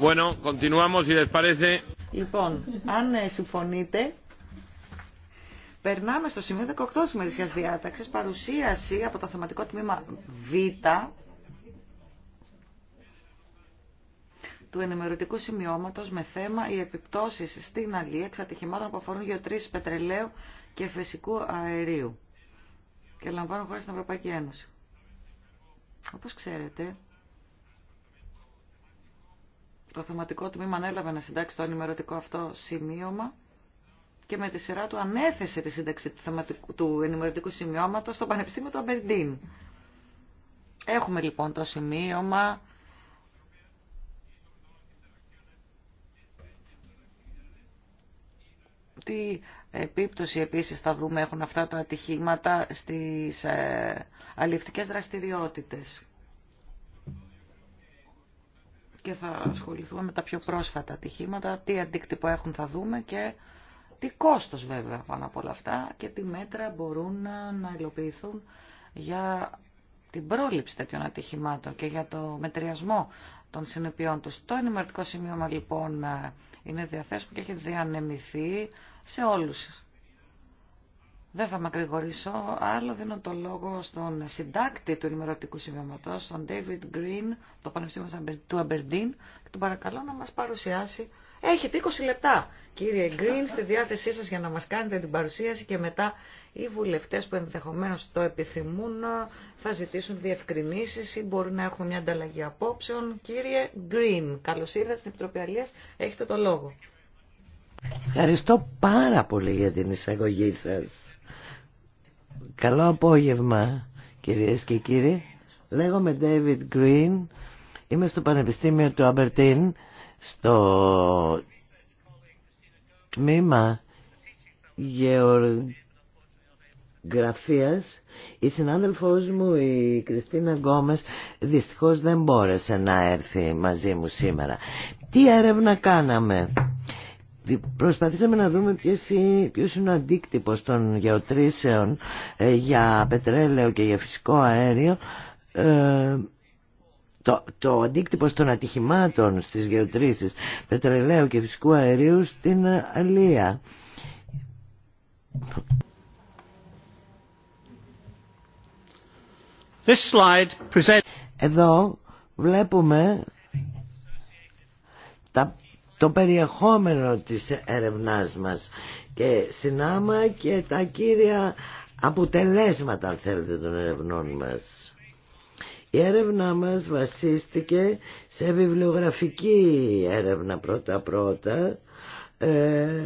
Bueno, Λοιπόν, αν ε, συμφωνείτε, περνάμε στο σημείο 18 της ημερησίας διάταξης, παρουσίαση από το θεματικό τμήμα Β του ενημερωτικού σημειώματος με θέμα οι επιπτώσεις στην αλία εξατυχημάτων που αφορούν γεωτρήσεις πετρελαίου και φυσικού αερίου και λαμβάνουν χώρα στην Ευρωπαϊκή Ένωση. Όπως ξέρετε, το θεματικό τμήμα ανέλαβε να συντάξει το ενημερωτικό αυτό σημείωμα και με τη σειρά του ανέθεσε τη σύνταξη του, θεματικού, του ενημερωτικού σημειώματος στο Πανεπιστήμιο του Αμπερντίν. Έχουμε λοιπόν το σημείωμα. Τι επίπτωση επίσης θα δούμε έχουν αυτά τα ατυχήματα στις ε, δραστηριότητες και θα ασχοληθούμε με τα πιο πρόσφατα ατυχήματα, τι αντίκτυπο έχουν θα δούμε και τι κόστος βέβαια πάνω από όλα αυτά και τι μέτρα μπορούν να υλοποιηθούν για την πρόληψη τέτοιων ατυχημάτων και για το μετριασμό των συνεπειών τους. Το ενημερωτικό σημείωμα λοιπόν είναι διαθέσιμο και έχει διανεμηθεί σε όλους δεν θα μακρηγορήσω, άλλο δίνω το λόγο στον συντάκτη του ενημερωτικού συμβιωματός, τον David Green, το Πανεπιστήμιο του Αμπερντίν, και τον παρακαλώ να μας παρουσιάσει. Έχετε 20 λεπτά, κύριε Green, στη διάθεσή σας για να μας κάνετε την παρουσίαση και μετά οι βουλευτές που ενδεχομένως το επιθυμούν θα ζητήσουν διευκρινήσεις ή μπορούν να έχουν μια ανταλλαγή απόψεων. Κύριε Green, καλώς ήρθατε στην Επιτροπή Αλίας, έχετε το λόγο. Ευχαριστώ πάρα πολύ για την εισαγωγή σας. Καλό απόγευμα κυρίες και κύριοι. Λέγομαι David Green. Είμαι στο Πανεπιστήμιο του Αμπερτίν στο τμήμα γεωγραφίας. Η συνάδελφός μου η Κριστίνα Γκόμες δυστυχώς δεν μπόρεσε να έρθει μαζί μου σήμερα. Τι έρευνα κάναμε προσπαθήσαμε να δούμε ποιος είναι ο αντίκτυπος των γεωτρήσεων ε, για πετρέλαιο και για φυσικό αέριο ε, το, το αντίκτυπο των ατυχημάτων στις γεωτρήσεις πετρελαίου και φυσικού αερίου στην Αλία. This slide Εδώ βλέπουμε το περιεχόμενο της έρευνάς μας και συνάμα και τα κύρια αποτελέσματα αν θέλετε των ερευνών μας. Η έρευνά μας βασίστηκε σε βιβλιογραφική έρευνα πρώτα-πρώτα. Ε,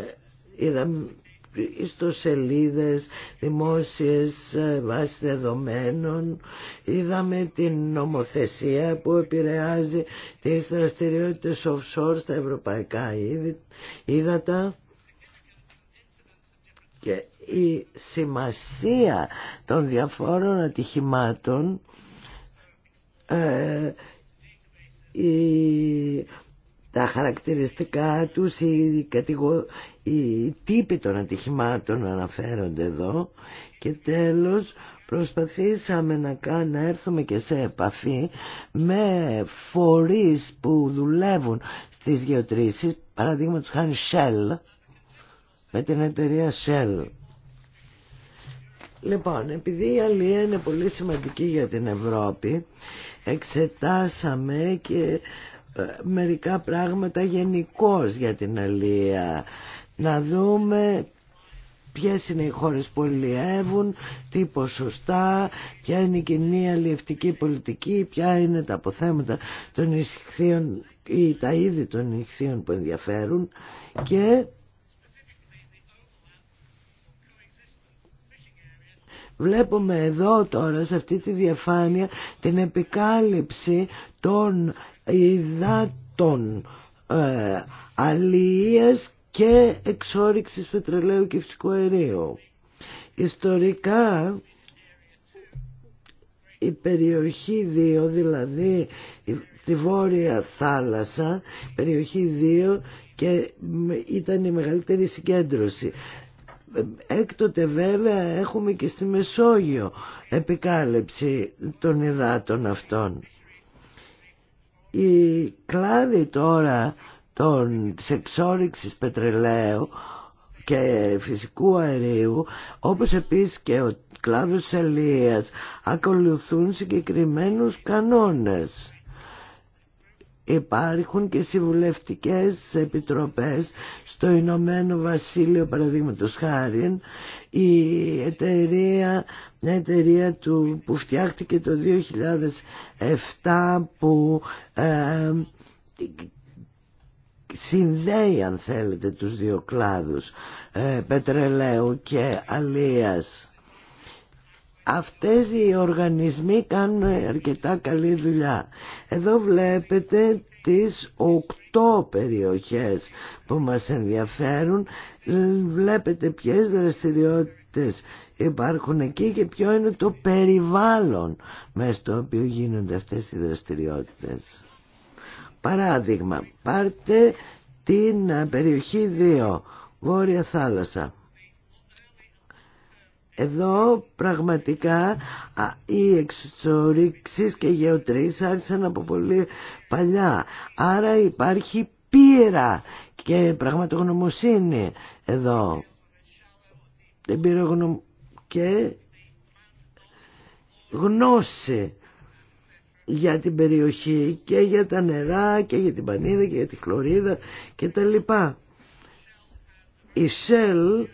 ιστοσελίδες, δημόσιες ε, βάσεις δεδομένων. Είδαμε την νομοθεσία που επηρεάζει τις δραστηριότητες offshore στα ευρωπαϊκά είδατα και η σημασία των διαφόρων ατυχημάτων ε, τα χαρακτηριστικά τους, οι, τύποι των ατυχημάτων αναφέρονται εδώ και τέλος προσπαθήσαμε να, κάν, να έρθουμε και σε επαφή με φορείς που δουλεύουν στις γεωτρήσεις, παραδείγματος χάνει Shell, με την εταιρεία Shell. Λοιπόν, επειδή η Αλία είναι πολύ σημαντική για την Ευρώπη, εξετάσαμε και ε, μερικά πράγματα γενικώ για την αλία. Να δούμε ποιες είναι οι χώρες που αλλιεύουν, τι ποσοστά, ποια είναι η κοινή αλλιευτική πολιτική, ποια είναι τα αποθέματα των ισχυθείων ή τα είδη των ισχυθείων που ενδιαφέρουν και Βλέπουμε εδώ τώρα σε αυτή τη διαφάνεια την επικάλυψη των υδάτων ε, και εξόριξης πετρελαίου και φυσικού αερίου. Ιστορικά η περιοχή 2, δηλαδή τη Βόρεια Θάλασσα, περιοχή 2 και ήταν η μεγαλύτερη συγκέντρωση. Έκτοτε βέβαια έχουμε και στη Μεσόγειο επικάλυψη των υδάτων αυτών. Η κλάδη τώρα των, της εξόριξης πετρελαίου και φυσικού αερίου όπως επίσης και ο κλάδος ελίας, ακολουθούν συγκεκριμένους κανόνες Υπάρχουν και συμβουλευτικές επιτροπές στο Ηνωμένο Βασίλειο παραδείγματο χάρη η εταιρεία, μια εταιρεία του, που φτιάχτηκε το 2007 που ε, συνδέει αν θέλετε τους δύο κλάδους ε, πετρελαίου και αλίας Αυτές οι οργανισμοί κάνουν αρκετά καλή δουλειά. Εδώ βλέπετε τις οκτώ περιοχές που μας ενδιαφέρουν. Βλέπετε ποιες δραστηριότητες υπάρχουν εκεί και ποιο είναι το περιβάλλον μέσα στο οποίο γίνονται αυτές οι δραστηριότητες. Παράδειγμα, πάρτε την περιοχή 2, Βόρεια Θάλασσα. Εδώ πραγματικά οι εξορίξεις και οι γεωτρήσεις άρχισαν από πολύ παλιά. Άρα υπάρχει πείρα και πραγματογνωμοσύνη εδώ. Εμπειρογνω... και γνώση για την περιοχή και για τα νερά και για την πανίδα και για τη χλωρίδα και τα λοιπά. Η Shell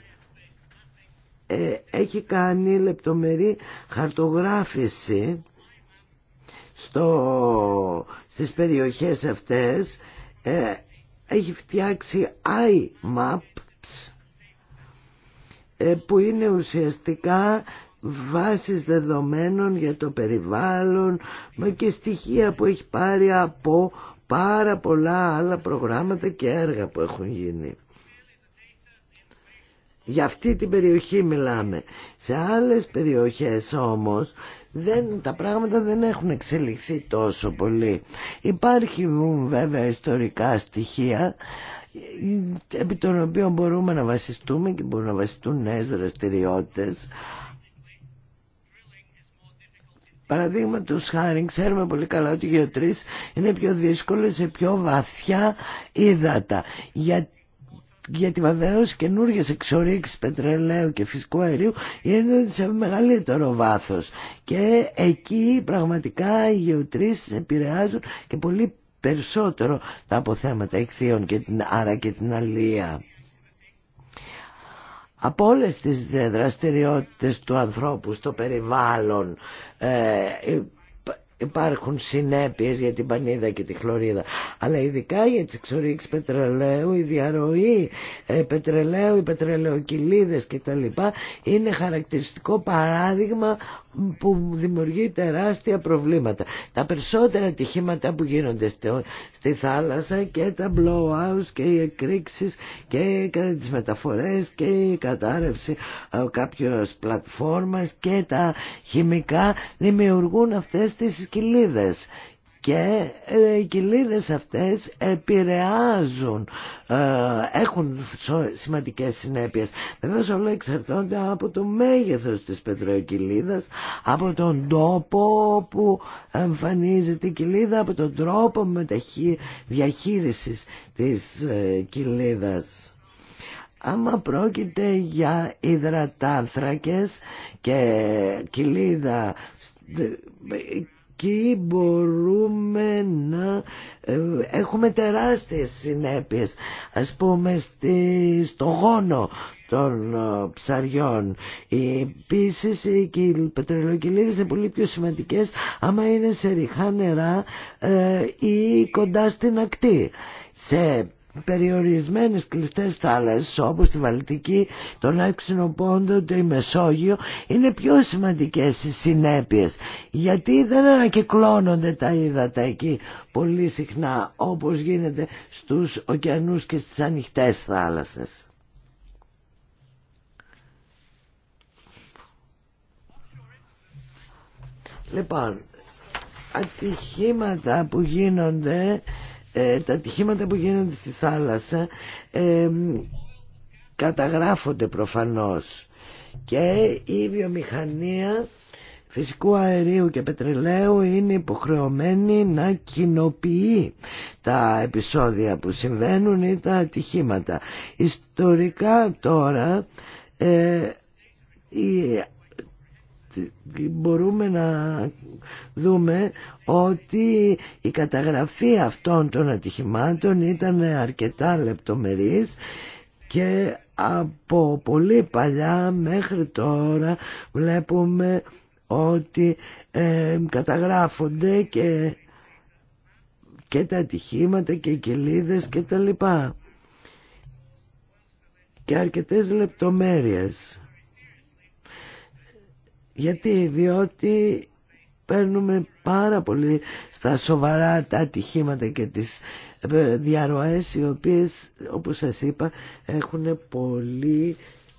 ε, έχει κάνει λεπτομερή χαρτογράφηση στο, στις περιοχές αυτές ε, έχει φτιάξει iMaps ε, που είναι ουσιαστικά βάσεις δεδομένων για το περιβάλλον μα και στοιχεία που έχει πάρει από πάρα πολλά άλλα προγράμματα και έργα που έχουν γίνει. Για αυτή την περιοχή μιλάμε. Σε άλλες περιοχές όμως δεν, τα πράγματα δεν έχουν εξελιχθεί τόσο πολύ. Υπάρχουν βέβαια ιστορικά στοιχεία επί των οποίων μπορούμε να βασιστούμε και μπορούν να βασιστούν νέες δραστηριότητες. Παραδείγματο χάρη, ξέρουμε πολύ καλά ότι οι γεωτρήσεις είναι πιο δύσκολες σε πιο βαθιά ύδατα. Γιατί γιατί βεβαίω καινούργιες εξορίξεις πετρελαίου και φυσικού αερίου είναι σε μεγαλύτερο βάθος και εκεί πραγματικά οι γεωτρήσεις επηρεάζουν και πολύ περισσότερο τα αποθέματα εκθείων και την άρα και την αλία. Από όλες τις δραστηριότητες του ανθρώπου στο περιβάλλον ε, υπάρχουν συνέπειες για την πανίδα και τη χλωρίδα αλλά ειδικά για τις εξορίξεις πετρελαίου η διαρροή ε, πετρελαίου, οι πετρελαιοκυλίδες κτλ είναι χαρακτηριστικό παράδειγμα που δημιουργεί τεράστια προβλήματα τα περισσότερα ατυχήματα που γίνονται στη θάλασσα και τα blowouts και οι εκρήξεις και τις μεταφορές και η κατάρρευση ε, κάποιες πλατφόρμας και τα χημικά δημιουργούν αυτές τις κοιλίδες και ε, οι κοιλίδες αυτές επηρεάζουν, ε, έχουν σημαντικές συνέπειες. Εδώ όλα εξαρτώνται από το μέγεθος της πετροκυλίδας, από τον τόπο που εμφανίζεται η κοιλίδα, από τον τρόπο μεταχεί, διαχείρισης της ε, κοιλίδας. Άμα πρόκειται για υδρατάνθρακες και κοιλίδα εκεί μπορούμε να ε, έχουμε τεράστιες συνέπειες ας πούμε στη, στο γόνο των ε, ψαριών. Επίση, οι πετρελοκυλίδες είναι πολύ πιο σημαντικές άμα είναι σε ριχά νερά ε, ή κοντά στην ακτή περιορισμένες κλειστές θάλασσες όπως τη Βαλτική, τον Άξινο Πόντο, τη Μεσόγειο είναι πιο σημαντικές οι συνέπειες γιατί δεν ανακυκλώνονται τα ύδατα εκεί πολύ συχνά όπως γίνεται στους ωκεανούς και στις ανοιχτές θάλασσες. Λοιπόν, ατυχήματα που γίνονται ε, τα ατυχήματα που γίνονται στη θάλασσα ε, καταγράφονται προφανώς και η βιομηχανία φυσικού αερίου και πετρελαίου είναι υποχρεωμένη να κοινοποιεί τα επεισόδια που συμβαίνουν ή τα ατυχήματα. Ιστορικά τώρα ε, μπορούμε να δούμε ότι η καταγραφή αυτών των ατυχημάτων ήταν αρκετά λεπτομερής και από πολύ παλιά μέχρι τώρα βλέπουμε ότι ε, καταγράφονται και, και τα ατυχήματα και οι κελίδες και τα λοιπά και αρκετές λεπτομέρειες γιατί, διότι παίρνουμε πάρα πολύ στα σοβαρά τα ατυχήματα και τις ε, διαρροές οι οποίες όπως σας είπα έχουν πολύ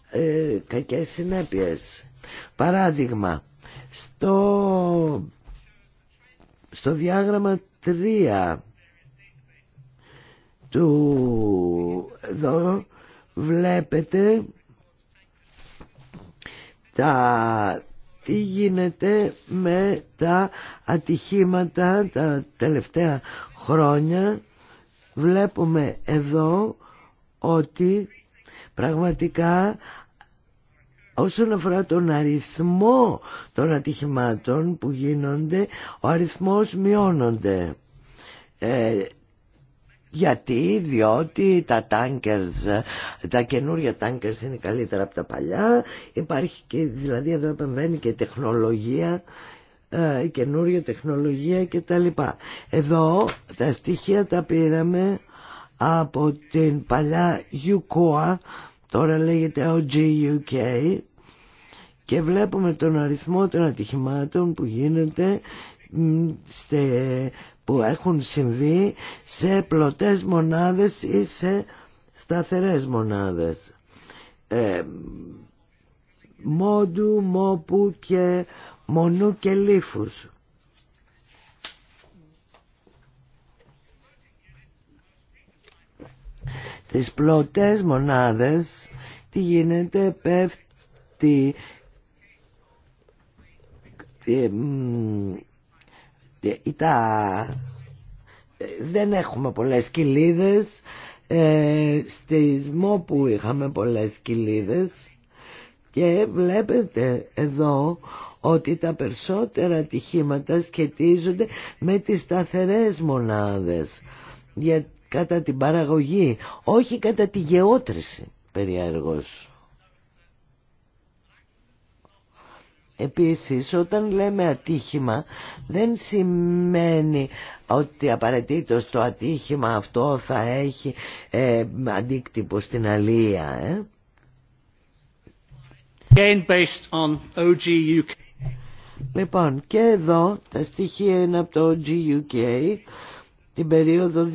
ε, κακές συνέπειες. Παράδειγμα, στο, στο διάγραμμα 3 του εδώ βλέπετε τα τι γίνεται με τα ατυχήματα τα τελευταία χρόνια. Βλέπουμε εδώ ότι πραγματικά όσον αφορά τον αριθμό των ατυχημάτων που γίνονται, ο αριθμός μειώνονται. Ε, γιατί, διότι τα τάνκερς, τα καινούργια τάνκερς είναι καλύτερα από τα παλιά, υπάρχει και, δηλαδή εδώ επεμβαίνει και τεχνολογία, ε, καινούργια τεχνολογία κτλ. Εδώ τα στοιχεία τα πήραμε από την παλιά UCOA, τώρα λέγεται OGUK, και βλέπουμε τον αριθμό των ατυχημάτων που γίνεται σε που έχουν συμβεί σε πλωτές μονάδες ή σε σταθερές μονάδες. Ε, μόντου, μόπου και μονού και λίφους. Στις πλωτές μονάδες τι γίνεται πέφτει ε, τα, ε, δεν έχουμε πολλές κοιλίδες ε, ΜΟΠΟΥ που είχαμε πολλές κοιλίδες και βλέπετε εδώ ότι τα περισσότερα ατυχήματα σχετίζονται με τις σταθερές μονάδες για, κατά την παραγωγή, όχι κατά τη γεώτρηση περιέργως. Επίσης όταν λέμε ατύχημα δεν σημαίνει ότι απαραίτητο το ατύχημα αυτό θα έχει ε, αντίκτυπο στην αλία. Ε. Again based on Λοιπόν και εδώ τα στοιχεία είναι από το OGUK την περίοδο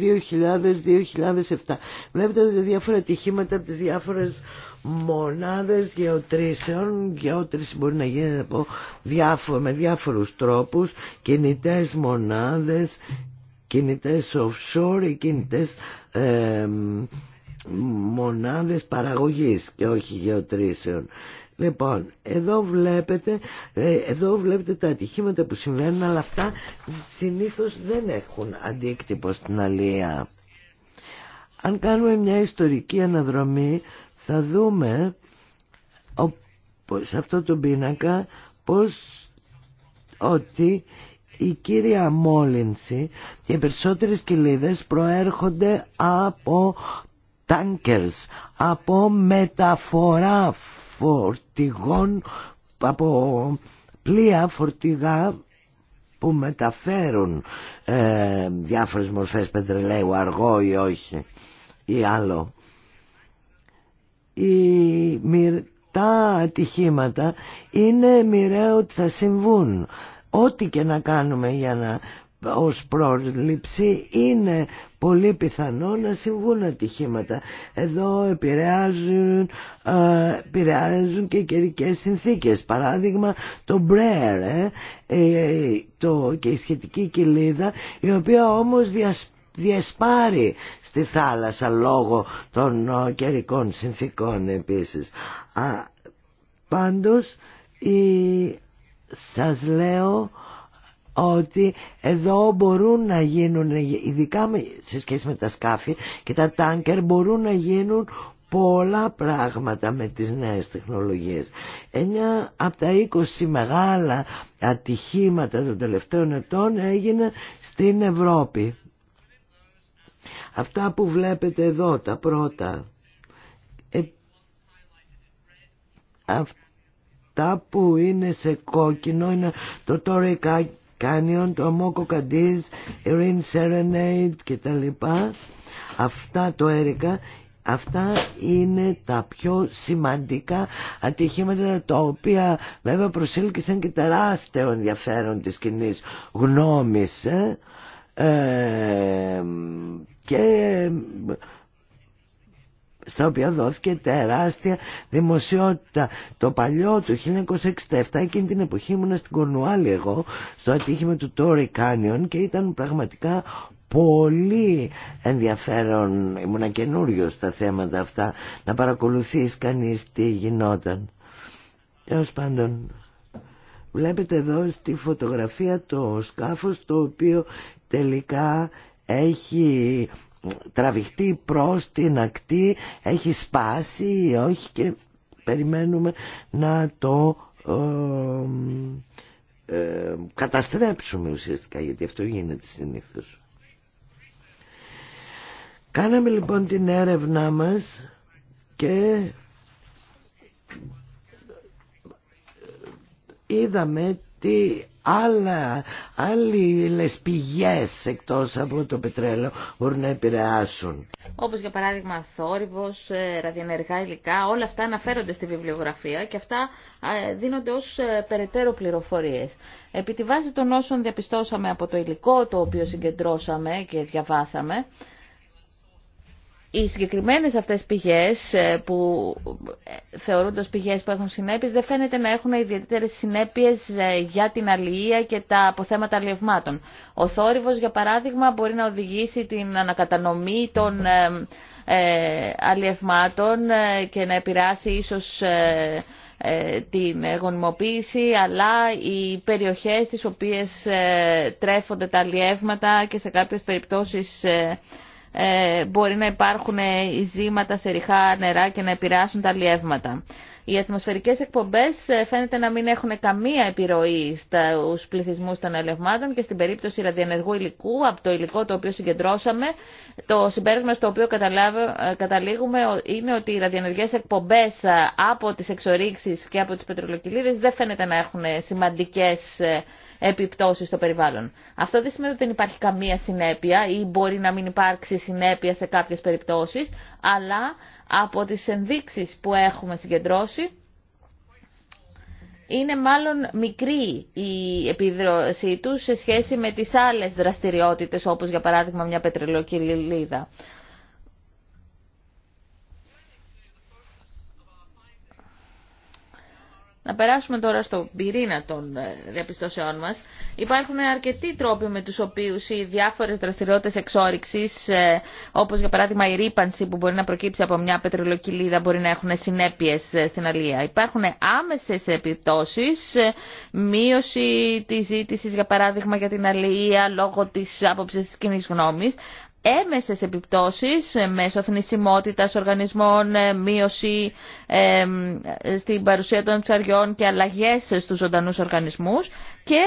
2000-2007. Βλέπετε ότι διάφορα ατυχήματα από τις διάφορες μονάδες γεωτρήσεων. Γεώτρηση μπορεί να γίνεται από διάφο, με διάφορους τρόπους, κινητές μονάδες, κινητές offshore ή κινητές ε, μονάδες παραγωγής και όχι γεωτρήσεων. Λοιπόν, εδώ βλέπετε, ε, εδώ βλέπετε τα ατυχήματα που συμβαίνουν, αλλά αυτά συνήθως δεν έχουν αντίκτυπο στην αλία. Αν κάνουμε μια ιστορική αναδρομή θα δούμε σε αυτό το πίνακα πως ότι η κύρια μόλυνση και οι περισσότερες κοιλίδες προέρχονται από τάνκερς, από μεταφορά φορτηγών, από πλοία φορτηγά που μεταφέρουν ε, διάφορες μορφές πετρελαίου, αργό ή όχι ή άλλο τα ατυχήματα είναι μοιραίο ότι θα συμβούν. Ό,τι και να κάνουμε για να ως πρόληψη είναι πολύ πιθανό να συμβούν ατυχήματα. Εδώ επηρεάζουν, ε, επηρεάζουν και καιρικέ συνθήκες. Παράδειγμα το Μπρέρ ε, το, και η σχετική κοιλίδα η οποία όμως διασπέζει διεσπάρει στη θάλασσα λόγω των ε, καιρικών συνθήκων επίσης. Α, πάντως η, σας λέω ότι εδώ μπορούν να γίνουν, ειδικά σε σχέση με τα σκάφη και τα τάνκερ μπορούν να γίνουν πολλά πράγματα με τις νέες τεχνολογίες. Ένα από τα 20 μεγάλα ατυχήματα των τελευταίων ετών έγινε στην Ευρώπη. Αυτά που βλέπετε εδώ, τα πρώτα, ε, αυτά που είναι σε κόκκινο είναι το Torrey Canyon, το Amoco Cadiz, Erin Serenade κτλ. Αυτά το έρικα Αυτά είναι τα πιο σημαντικά ατυχήματα τα οποία βέβαια προσήλκησαν και τεράστιο ενδιαφέρον της κοινή γνώμης. Ε. Ε, και στα οποία δόθηκε τεράστια δημοσιότητα. Το παλιό του 1967, εκείνη την εποχή ήμουνα στην Κορνουάλη εγώ, στο ατύχημα του Τόρι Κάνιον και ήταν πραγματικά πολύ ενδιαφέρον, ήμουνα καινούριο στα θέματα αυτά, να παρακολουθείς κανείς τι γινόταν. Τέλο πάντων... Βλέπετε εδώ στη φωτογραφία το σκάφος το οποίο τελικά έχει τραβηχτεί προς την ακτή, έχει σπάσει ή όχι και περιμένουμε να το καταστρέψουμε ουσιαστικά γιατί αυτό γίνεται συνήθως. Κάναμε λοιπόν την έρευνά μας και είδαμε τι άλλα, άλλες πηγές εκτός από το πετρέλαιο μπορούν να επηρεάσουν. Όπως για παράδειγμα θόρυβος, ε, ραδιενεργά υλικά, όλα αυτά αναφέρονται στη βιβλιογραφία και αυτά ε, δίνονται ως ε, περαιτέρω πληροφορίες. Επί τη βάση των όσων διαπιστώσαμε από το υλικό το οποίο συγκεντρώσαμε και διαβάσαμε, οι συγκεκριμένες αυτές πηγές ε, που θεωρούνται ως πηγές που έχουν συνέπειες δεν φαίνεται να έχουν ιδιαίτερες συνέπειες ε, για την αλληλεία και τα αποθέματα αλλιευμάτων. Ο θόρυβος για παράδειγμα μπορεί να οδηγήσει την ανακατανομή των ε, αλλιευμάτων και να επηρεάσει ίσως την γονιμοποίηση αλλά οι περιοχές τις οποίες τρέφονται τα αλλιεύματα και σε κάποιες περιπτώσεις ε, μπορεί να υπάρχουν ε, ζήματα σε ριχά νερά και να επηρεάσουν τα λιεύματα. Οι ατμοσφαιρικές εκπομπές ε, φαίνεται να μην έχουν καμία επιρροή στους πληθυσμούς των ελευμάτων και στην περίπτωση ραδιενεργού υλικού, από το υλικό το οποίο συγκεντρώσαμε, το συμπέρασμα στο οποίο καταλήγουμε είναι ότι οι ραδιενεργές εκπομπές από τις εξορίξεις και από τις πετρολοκυλίδες δεν φαίνεται να έχουν σημαντικές επιπτώσεις στο περιβάλλον. Αυτό δεν σημαίνει ότι δεν υπάρχει καμία συνέπεια ή μπορεί να μην υπάρξει συνέπεια σε κάποιες περιπτώσεις, αλλά από τις ενδείξεις που έχουμε συγκεντρώσει, είναι μάλλον μικρή η επίδρασή του σε σχέση με τις άλλες δραστηριότητες, όπως για παράδειγμα μια πετρελοκυλίδα. Να περάσουμε τώρα στον πυρήνα των ε, διαπιστώσεών μας. Υπάρχουν αρκετοί τρόποι με τους οποίους οι διάφορες δραστηριότητες εξόριξης, ε, όπως για παράδειγμα η ρήπανση που μπορεί να προκύψει από μια πετρελοκυλίδα, μπορεί να έχουν συνέπειες ε, στην αλία. Υπάρχουν άμεσες επιπτώσεις, μείωση της ζήτησης για παράδειγμα για την αλληλεία λόγω της άποψης της κοινή γνώμης, έμεσες επιπτώσεις ε, μέσω θνησιμότητας οργανισμών, ε, μείωση ε, στην παρουσία των ψαριών και αλλαγές στους ζωντανούς οργανισμούς και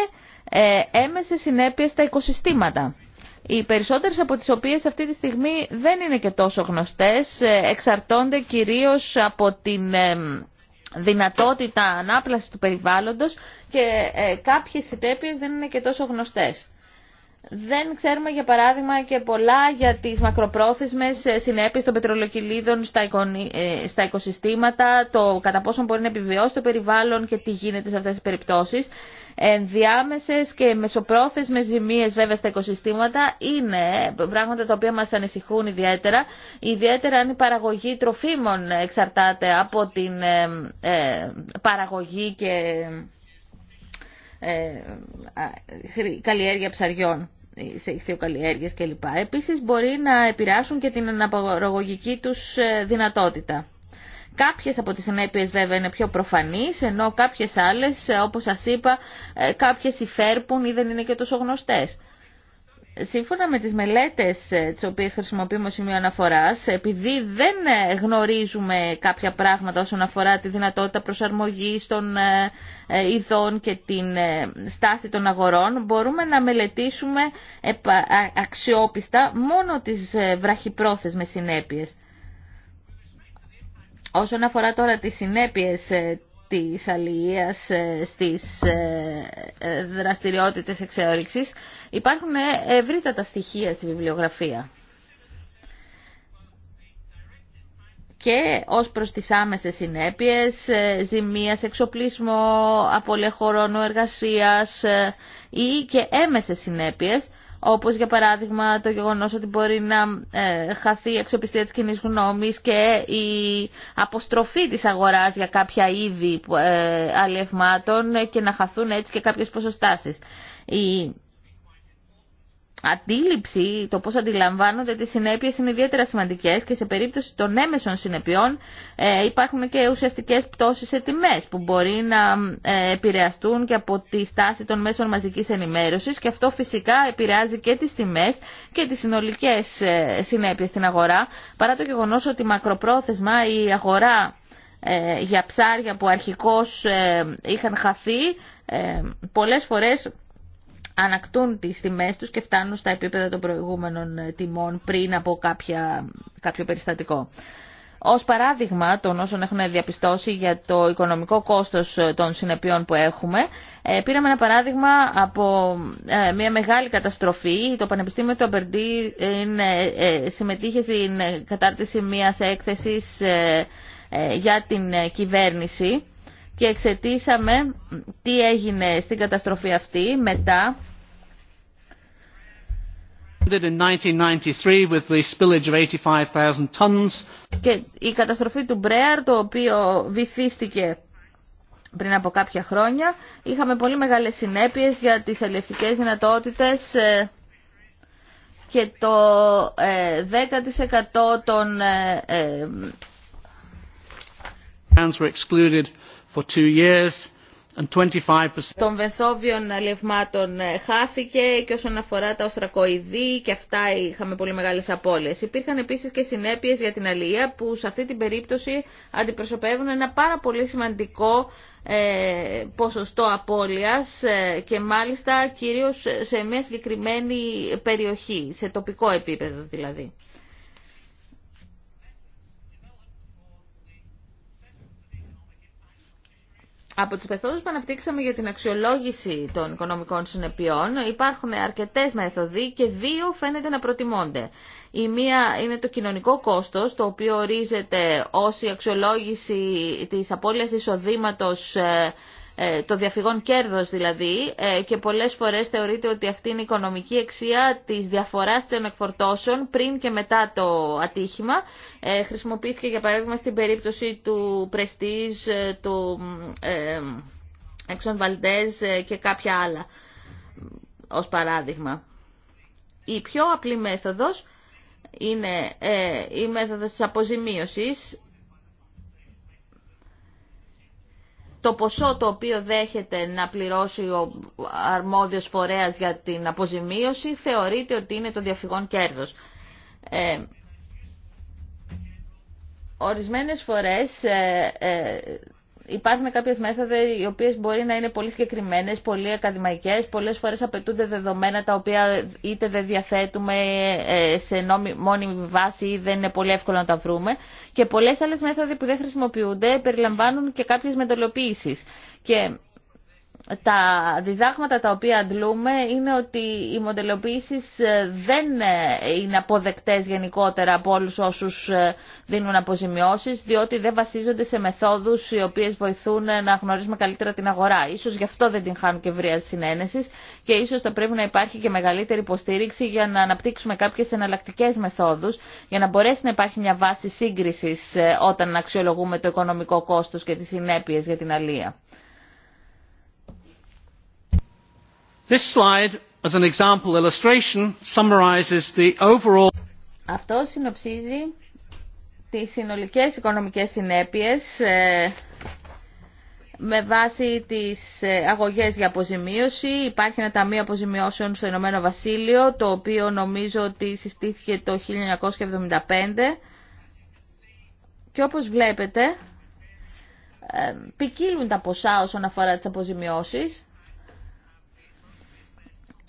ε, έμεσες συνέπειες στα οικοσυστήματα. Οι περισσότερες από τις οποίες αυτή τη στιγμή δεν είναι και τόσο γνωστές, εξαρτώνται κυρίως από την δυνατότητα ανάπλασης του περιβάλλοντος και κάποιες συνέπειες δεν είναι και τόσο γνωστές. Δεν ξέρουμε για παράδειγμα και πολλά για τις μακροπρόθεσμες ε, συνέπειες των πετρολοκυλίδων στα ε, οικοσυστήματα, το κατά πόσο μπορεί να επιβιώσει το περιβάλλον και τι γίνεται σε αυτές τις περιπτώσεις. Ενδιάμεσες και μεσοπρόθεσμες ζημίες βέβαια στα οικοσυστήματα είναι πράγματα τα οποία μας ανησυχούν ιδιαίτερα, ιδιαίτερα αν η παραγωγή τροφίμων εξαρτάται από την ε, παραγωγή και καλλιέργεια ψαριών σε ηχθειοκαλλιέργειες κλπ. Επίσης μπορεί να επηρεάσουν και την αναπαραγωγική τους ε, δυνατότητα. Κάποιες από τις συνέπειες βέβαια είναι πιο προφανείς, ενώ κάποιες άλλες, ε, όπως σας είπα, ε, κάποιες υφέρπουν ή δεν είναι και τόσο γνωστές. Σύμφωνα με τις μελέτες ε, τις οποίες χρησιμοποιούμε σημείο αναφοράς, επειδή δεν ε, γνωρίζουμε κάποια πράγματα όσον αφορά τη δυνατότητα προσαρμογής των ε, ειδών και την στάση των αγορών, μπορούμε να μελετήσουμε αξιόπιστα μόνο τις βραχυπρόθεσμες συνέπειες. Όσον αφορά τώρα τις συνέπειες της αλληλείας ε, στις ε, ε, δραστηριότητες εξεόρυξης. Υπάρχουν ευρύτατα στοιχεία στη βιβλιογραφία. και ως προς τις άμεσες συνέπειες, ζημίας, εξοπλισμό, απολεχωρώνου εργασίας ή και έμεσες συνέπειες όπως για παράδειγμα το γεγονός ότι μπορεί να ε, χαθεί η αξιοπιστία της κοινή γνώμης και η αποστροφή της αγοράς για κάποια είδη ε, αλλιευμάτων και να χαθούν έτσι και κάποιες ποσοστάσεις αντίληψη, το πώς αντιλαμβάνονται τις συνέπειες είναι ιδιαίτερα σημαντικές και σε περίπτωση των έμεσων συνεπειών ε, υπάρχουν και ουσιαστικές πτώσεις σε τιμές που μπορεί να ε, επηρεαστούν και από τη στάση των μέσων μαζικής ενημέρωσης και αυτό φυσικά επηρεάζει και τις τιμές και τις συνολικές ε, συνέπειες στην αγορά παρά το γεγονός ότι μακροπρόθεσμα η αγορά για ψάρια που αρχικώς είχαν χαθεί πολλές φορές ανακτούν τις τιμές τους και φτάνουν στα επίπεδα των προηγούμενων ε, τιμών πριν από κάποια, κάποιο περιστατικό. Ως παράδειγμα των όσων έχουμε διαπιστώσει για το οικονομικό κόστος ε, των συνεπειών που έχουμε, ε, πήραμε ένα παράδειγμα από μια μεγάλη καταστροφή. Το Πανεπιστήμιο του Αμπερντή συμμετείχε στην κατάρτιση μιας έκθεσης για την κυβέρνηση και εξετήσαμε τι έγινε στην καταστροφή αυτή μετά και η καταστροφή του Μπρέαρ, το οποίο βυθίστηκε πριν από κάποια χρόνια, είχαμε πολύ μεγάλες συνέπειες για τις αλληλευτικές δυνατότητες ε, και το 10% ε, των ε, were excluded for years των βενθόβιων λευμάτων ε, χάθηκε και όσον αφορά τα οστρακοειδή και αυτά είχαμε πολύ μεγάλες απώλειες. Υπήρχαν επίσης και συνέπειες για την αλληλεία που σε αυτή την περίπτωση αντιπροσωπεύουν ένα πάρα πολύ σημαντικό ε, ποσοστό απώλειας ε, και μάλιστα κυρίως σε μια συγκεκριμένη περιοχή, σε τοπικό επίπεδο δηλαδή. Από τις μεθόδους που αναπτύξαμε για την αξιολόγηση των οικονομικών συνεπειών υπάρχουν αρκετές μεθοδοί και δύο φαίνεται να προτιμώνται. Η μία είναι το κοινωνικό κόστος, το οποίο ορίζεται ως η αξιολόγηση της απώλειας εισοδήματος ε, ε, το διαφυγόν κέρδος δηλαδή ε, και πολλές φορές θεωρείται ότι αυτή είναι η οικονομική αξία της διαφοράς των εκφορτώσεων πριν και μετά το ατύχημα. Ε, χρησιμοποιήθηκε για παράδειγμα στην περίπτωση του πρεστή του Valdez και κάποια άλλα ως παράδειγμα. Η πιο απλή μέθοδος είναι η μέθοδος της αποζημίωσης το ποσό το οποίο δέχεται να πληρώσει ο αρμόδιος φορέας για την αποζημίωση θεωρείται ότι είναι το διαφυγόν κέρδος. Ε, ορισμένες φορές ε, ε, υπάρχουν κάποιες μέθοδοι οι οποίες μπορεί να είναι πολύ συγκεκριμένε, πολύ ακαδημαϊκές, πολλές φορές απαιτούνται δεδομένα τα οποία είτε δεν διαθέτουμε ε, σε νόμι, μόνιμη βάση ή δεν είναι πολύ εύκολο να τα βρούμε και πολλές άλλες μέθοδοι που δεν χρησιμοποιούνται περιλαμβάνουν και κάποιες μετολοποίησει. Και τα διδάγματα τα οποία αντλούμε είναι ότι οι μοντελοποιήσεις ε, δεν ε, είναι αποδεκτές γενικότερα από όλους όσους ε, δίνουν αποζημιώσεις, διότι δεν βασίζονται σε μεθόδους οι οποίες βοηθούν να γνωρίζουμε καλύτερα την αγορά. Ίσως γι' αυτό δεν την χάνουν και βρία συνένεση και ίσως θα πρέπει να υπάρχει και μεγαλύτερη υποστήριξη για να αναπτύξουμε κάποιες εναλλακτικέ μεθόδους, για να μπορέσει να υπάρχει μια βάση σύγκρισης όταν αξιολογούμε το οικονομικό κόστος και τις συνέπειες για την αλία. This slide, as an example illustration, summarizes the overall... Αυτό συνοψίζει τις συνολικές οικονομικές συνέπειες ε, με βάση τις ε, αγωγές για αποζημίωση. Υπάρχει ένα ταμείο αποζημιώσεων στο Ηνωμένο Βασίλειο, το οποίο νομίζω ότι συστήθηκε το 1975. Και όπως βλέπετε, ε, ποικίλουν τα ποσά όσον αφορά τις αποζημιώσεις.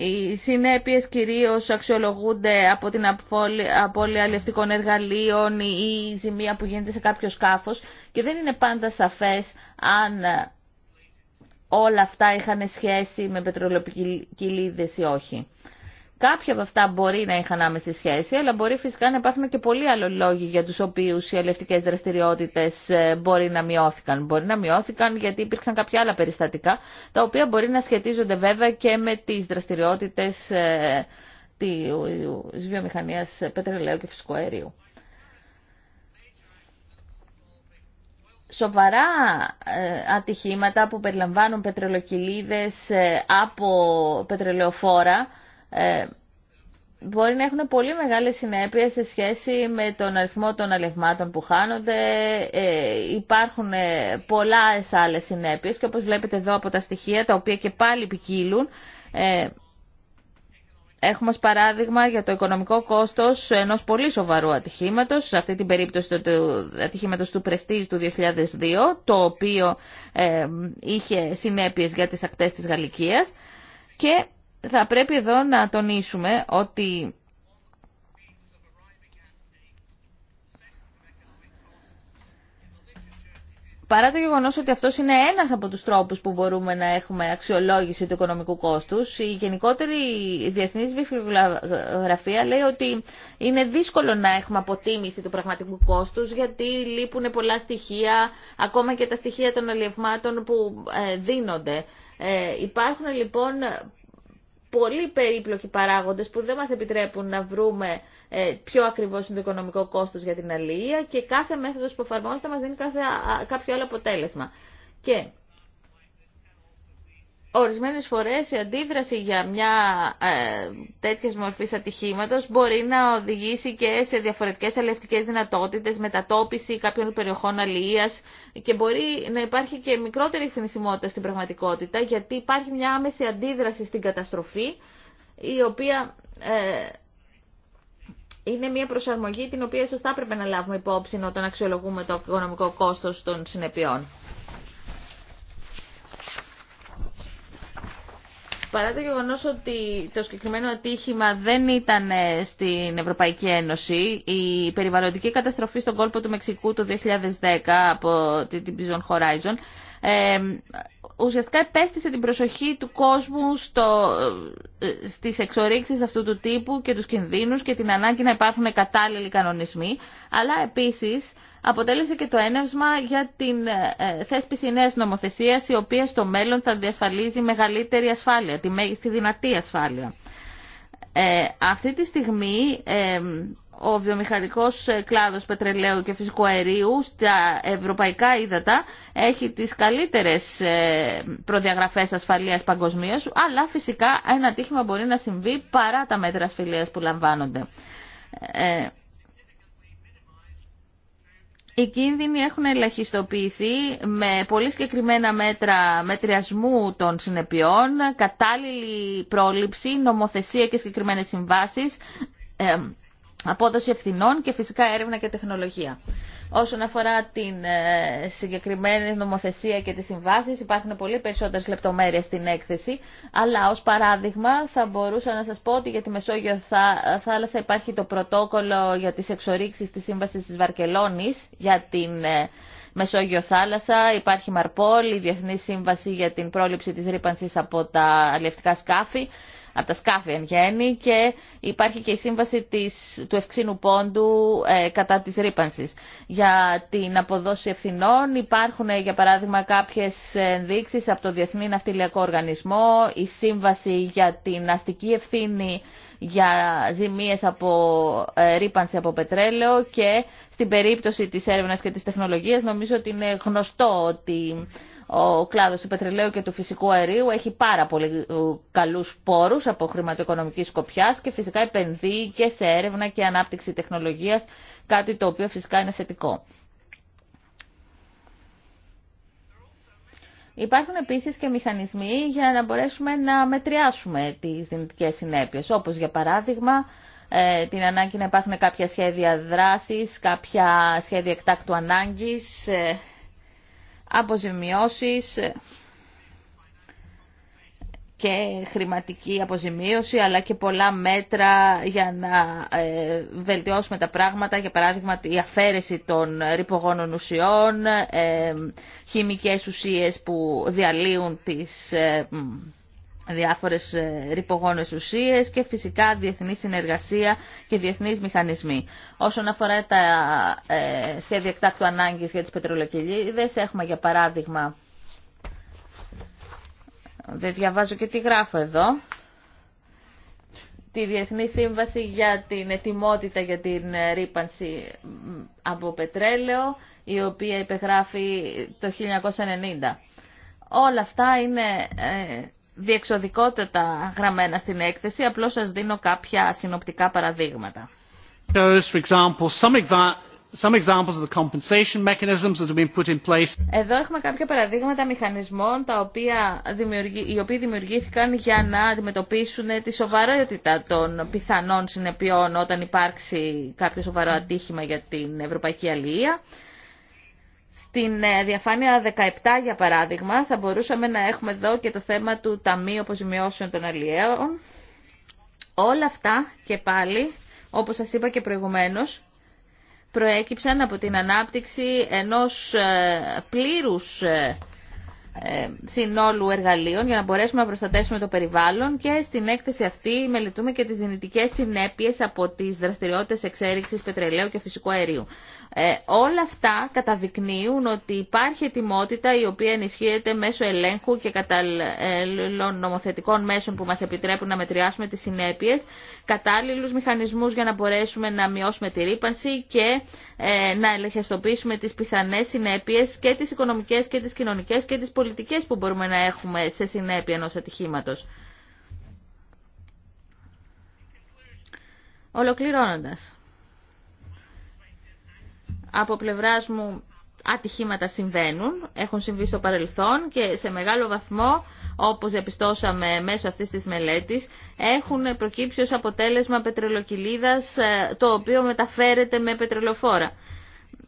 Οι συνέπειες κυρίως αξιολογούνται από την απώλεια λευτικών εργαλείων ή η ζημία που γίνεται σε κάποιο σκάφος και δεν είναι πάντα σαφές αν όλα αυτά είχαν σχέση με πετρολοκυλίδες ή όχι. Κάποια από αυτά μπορεί να είχαν άμεση σχέση, αλλά μπορεί φυσικά να υπάρχουν και πολλοί άλλοι λόγοι για τους οποίους οι ελευτικές δραστηριότητες ε, μπορεί να μειώθηκαν. Μπορεί να μειώθηκαν γιατί υπήρξαν κάποια άλλα περιστατικά, τα οποία μπορεί να σχετίζονται βέβαια και με τις δραστηριότητες ε, της βιομηχανίας πετρελαίου και φυσικού αερίου. σοβαρά ε, ατυχήματα που περιλαμβάνουν πετρελοκυλίδες από πετρελαιοφόρα ε, μπορεί να έχουν πολύ μεγάλες συνέπειες σε σχέση με τον αριθμό των αλευμάτων που χάνονται. Ε, υπάρχουν ε, πολλά άλλες συνέπειες και όπως βλέπετε εδώ από τα στοιχεία τα οποία και πάλι ποικίλουν Έχουμε ως παράδειγμα για το οικονομικό κόστος ενός πολύ σοβαρού ατυχήματος, σε αυτή την περίπτωση του ατυχήματος του Πρεστή του 2002, το οποίο είχε συνέπειες για τις ακτές της Γαλλικίας και θα πρέπει εδώ να τονίσουμε ότι παρά το γεγονός ότι αυτός είναι ένας από τους τρόπους που μπορούμε να έχουμε αξιολόγηση του οικονομικού κόστους, η γενικότερη διεθνής βιβλιογραφία λέει ότι είναι δύσκολο να έχουμε αποτίμηση του πραγματικού κόστους γιατί λείπουν πολλά στοιχεία, ακόμα και τα στοιχεία των αλλιευμάτων που ε, δίνονται. Ε, υπάρχουν λοιπόν πολύ περίπλοκοι παράγοντες που δεν μας επιτρέπουν να βρούμε ε, ποιο ακριβώς είναι το οικονομικό κόστος για την αλληλεία και κάθε μέθοδος που εφαρμόζεται μας δίνει κάθε, κάποιο άλλο αποτέλεσμα. Και Ορισμένες φορές η αντίδραση για μια ε, τέτοια μορφή ατυχήματος μπορεί να οδηγήσει και σε διαφορετικές αλλευτικές δυνατότητες, μετατόπιση κάποιων περιοχών αλληλείας και μπορεί να υπάρχει και μικρότερη θνησιμότητα στην πραγματικότητα γιατί υπάρχει μια άμεση αντίδραση στην καταστροφή η οποία ε, είναι μια προσαρμογή την οποία σωστά πρέπει να λάβουμε υπόψη όταν αξιολογούμε το οικονομικό κόστος των συνεπειών. Παρά το γεγονό ότι το συγκεκριμένο ατύχημα δεν ήταν ε, στην Ευρωπαϊκή Ένωση, η περιβαλλοντική καταστροφή στον κόλπο του Μεξικού το 2010 από την Bison Horizon ε, ουσιαστικά επέστησε την προσοχή του κόσμου στο, ε, στις εξορίξεις αυτού του τύπου και τους κινδύνους και την ανάγκη να υπάρχουν κατάλληλοι κανονισμοί, αλλά επίσης αποτέλεσε και το ένευσμα για την ε, θέσπιση νέας νομοθεσίας η οποία στο μέλλον θα διασφαλίζει μεγαλύτερη ασφάλεια, τη μέγιστη δυνατή ασφάλεια. Ε, αυτή τη στιγμή ε, ο βιομηχανικός ε, κλάδος πετρελαίου και φυσικού αερίου στα ευρωπαϊκά ύδατα έχει τις καλύτερες ε, προδιαγραφές ασφαλείας παγκοσμίως αλλά φυσικά ένα τύχημα μπορεί να συμβεί παρά τα μέτρα ασφαλείας που λαμβάνονται οι κίνδυνοι έχουν ελαχιστοποιηθεί με πολύ συγκεκριμένα μέτρα μετριασμού των συνεπειών, κατάλληλη πρόληψη, νομοθεσία και συγκεκριμένες συμβάσεις, ε, απόδοση ευθυνών και φυσικά έρευνα και τεχνολογία. Όσον αφορά την ε, συγκεκριμένη νομοθεσία και τις συμβάσεις, υπάρχουν πολύ περισσότερες λεπτομέρειες στην έκθεση, αλλά ως παράδειγμα θα μπορούσα να σας πω ότι για τη Μεσόγειο θα, Θάλασσα υπάρχει το πρωτόκολλο για τις εξορίξεις της Σύμβασης της Βαρκελόνης για την ε, Μεσόγειο Θάλασσα, υπάρχει Μαρπόλ, η Διεθνή Σύμβαση για την πρόληψη της ρήπανσης από τα αλλιευτικά σκάφη από τα σκάφη εν γέννη και υπάρχει και η σύμβαση της, του ευξήνου πόντου ε, κατά της ρήπανσης. Για την αποδόση ευθυνών υπάρχουν ε, για παράδειγμα κάποιες ενδείξεις από το Διεθνή Ναυτιλιακό Οργανισμό, η σύμβαση για την αστική ευθύνη για ζημίες από ε, ρήπανση από πετρέλαιο και στην περίπτωση της έρευνας και της τεχνολογίας νομίζω ότι είναι γνωστό ότι ο κλάδος του πετρελαίου και του φυσικού αερίου έχει πάρα πολύ ε, καλούς πόρους από χρηματοοικονομική σκοπιά και φυσικά επενδύει και σε έρευνα και ανάπτυξη τεχνολογίας, κάτι το οποίο φυσικά είναι θετικό. Υπάρχουν επίσης και μηχανισμοί για να μπορέσουμε να μετριάσουμε τις δυνητικές συνέπειες, όπως για παράδειγμα ε, την ανάγκη να υπάρχουν κάποια σχέδια δράσης, κάποια σχέδια εκτάκτου ανάγκης, ε, αποζημιώσεις και χρηματική αποζημίωση αλλά και πολλά μέτρα για να ε, βελτιώσουμε τα πράγματα για παράδειγμα η αφαίρεση των ρηπογόνων ουσιών ε, χημικές ουσίες που διαλύουν τις ε, διάφορες ε, ρηπογόνες ουσίες και φυσικά διεθνή συνεργασία και διεθνείς μηχανισμοί. Όσον αφορά τα ε, σχέδια εκτάκτου ανάγκης για τις πετρολοκυλίδες, έχουμε για παράδειγμα, δεν διαβάζω και τι γράφω εδώ, τη Διεθνή Σύμβαση για την ετοιμότητα για την ε, ρήπανση από πετρέλαιο, η οποία υπεγράφει το 1990. Όλα αυτά είναι διεξοδικότητα γραμμένα στην έκθεση, απλώς σας δίνω κάποια συνοπτικά παραδείγματα. Εδώ έχουμε κάποια παραδείγματα μηχανισμών τα οποία οι οποίοι δημιουργήθηκαν για να αντιμετωπίσουν τη σοβαρότητα των πιθανών συνεπειών όταν υπάρξει κάποιο σοβαρό ατύχημα για την Ευρωπαϊκή Αλληλεία. Στην ε, διαφάνεια 17, για παράδειγμα, θα μπορούσαμε να έχουμε εδώ και το θέμα του Ταμείου Αποζημιώσεων των Αλλιέων. Όλα αυτά και πάλι, όπως σας είπα και προηγουμένως, προέκυψαν από την ανάπτυξη ενός ε, πλήρους ε, συνόλου εργαλείων για να μπορέσουμε να προστατεύσουμε το περιβάλλον και στην έκθεση αυτή μελετούμε και τις δυνητικές συνέπειες από τις δραστηριότητες εξέριξης πετρελαίου και φυσικού αερίου. Ε, όλα αυτά καταδεικνύουν ότι υπάρχει ετοιμότητα η οποία ενισχύεται μέσω ελέγχου και κατάλληλων νομοθετικών μέσων που μας επιτρέπουν να μετριάσουμε τις συνέπειες, κατάλληλους μηχανισμούς για να μπορέσουμε να μειώσουμε τη ρήπανση και ε, να ελεγχεστοποιήσουμε τις πιθανές συνέπειες και τις οικονομικές και τις κοινωνικές και τις πολιτικές που μπορούμε να έχουμε σε συνέπεια ενός ατυχήματος. Ολοκληρώνοντας από πλευρά μου ατυχήματα συμβαίνουν, έχουν συμβεί στο παρελθόν και σε μεγάλο βαθμό, όπως διαπιστώσαμε μέσω αυτής της μελέτης, έχουν προκύψει ως αποτέλεσμα πετρελοκυλίδας, ε, το οποίο μεταφέρεται με πετρελοφόρα.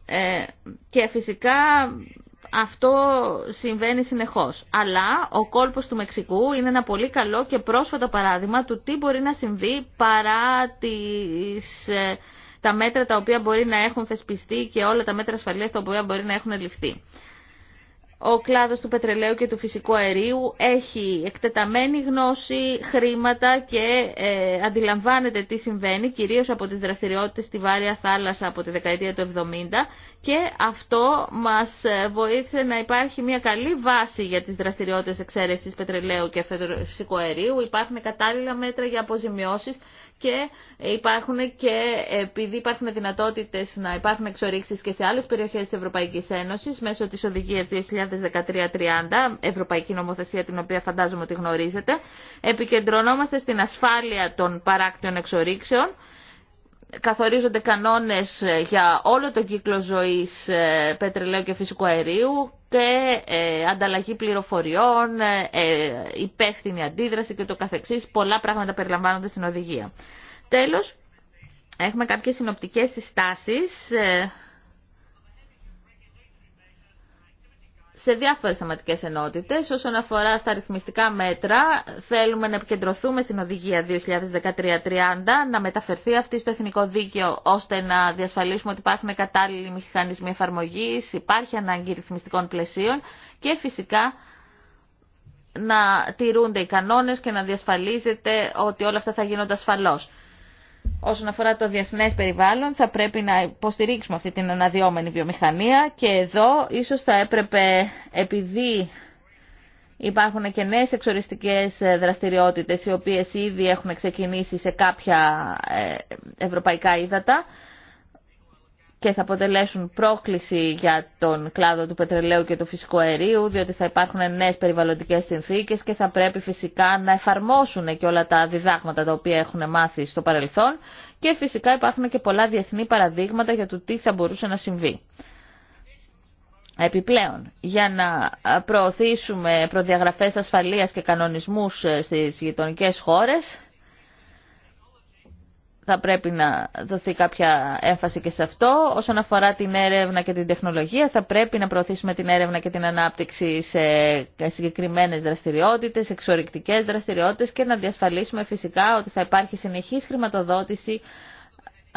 Ε, και φυσικά αυτό συμβαίνει συνεχώς. Αλλά ο κόλπος του Μεξικού είναι ένα πολύ καλό και πρόσφατο παράδειγμα του τι μπορεί να συμβεί παρά τις ε, τα μέτρα τα οποία μπορεί να έχουν θεσπιστεί και όλα τα μέτρα ασφαλείας τα οποία μπορεί να έχουν ληφθεί. Ο κλάδος του πετρελαίου και του φυσικού αερίου έχει εκτεταμένη γνώση, χρήματα και ε, αντιλαμβάνεται τι συμβαίνει, κυρίως από τις δραστηριότητες στη Βάρια Θάλασσα από τη δεκαετία του 70 και αυτό μας ε, βοήθησε να υπάρχει μια καλή βάση για τις δραστηριότητες εξαίρεσης πετρελαίου και φυσικού αερίου. Υπάρχουν κατάλληλα μέτρα για αποζημιώσεις και υπάρχουν και επειδή υπάρχουν δυνατότητες να υπάρχουν εξορίξεις και σε άλλες περιοχές της Ευρωπαϊκής Ένωσης μέσω της οδηγίας 2013-30, Ευρωπαϊκή Νομοθεσία την οποία φαντάζομαι ότι γνωρίζετε, επικεντρωνόμαστε στην ασφάλεια των παράκτιων εξορίξεων καθορίζονται κανόνες για όλο τον κύκλο ζωής ε, πετρελαίου και φυσικού αερίου, και ε, ανταλλαγή πληροφοριών, ε, ε, υπεύθυνη αντίδραση και το καθεξής. Πολλά πράγματα περιλαμβάνονται στην οδηγία. Τέλος, έχουμε κάποιες συνοπτικές συστάσεις σε διάφορες θεματικές ενότητες. Όσον αφορά στα ρυθμιστικά μέτρα, θέλουμε να επικεντρωθούμε στην οδηγία 2013-30, να μεταφερθεί αυτή στο εθνικό δίκαιο, ώστε να διασφαλίσουμε ότι υπάρχουν κατάλληλοι μηχανισμοί εφαρμογής, υπάρχει ανάγκη ρυθμιστικών πλαισίων και φυσικά να τηρούνται οι κανόνες και να διασφαλίζεται ότι όλα αυτά θα γίνονται ασφαλώς όσον αφορά το διεθνές περιβάλλον θα πρέπει να υποστηρίξουμε αυτή την αναδυόμενη βιομηχανία και εδώ ίσως θα έπρεπε επειδή υπάρχουν και νέες εξοριστικές ε, δραστηριότητες οι οποίες ήδη έχουν ξεκινήσει σε κάποια ε, ευρωπαϊκά ύδατα και θα αποτελέσουν πρόκληση για τον κλάδο του πετρελαίου και του φυσικού αερίου, διότι θα υπάρχουν νέες περιβαλλοντικές συνθήκες και θα πρέπει φυσικά να εφαρμόσουν και όλα τα διδάγματα τα οποία έχουν μάθει στο παρελθόν και φυσικά υπάρχουν και πολλά διεθνή παραδείγματα για το τι θα μπορούσε να συμβεί. Επιπλέον, για να προωθήσουμε προδιαγραφές ασφαλείας και κανονισμούς στις γειτονικές χώρες, θα πρέπει να δοθεί κάποια έμφαση και σε αυτό. Όσον αφορά την έρευνα και την τεχνολογία, θα πρέπει να προωθήσουμε την έρευνα και την ανάπτυξη σε συγκεκριμένε δραστηριότητε, εξορυκτικές δραστηριότητε και να διασφαλίσουμε φυσικά ότι θα υπάρχει συνεχής χρηματοδότηση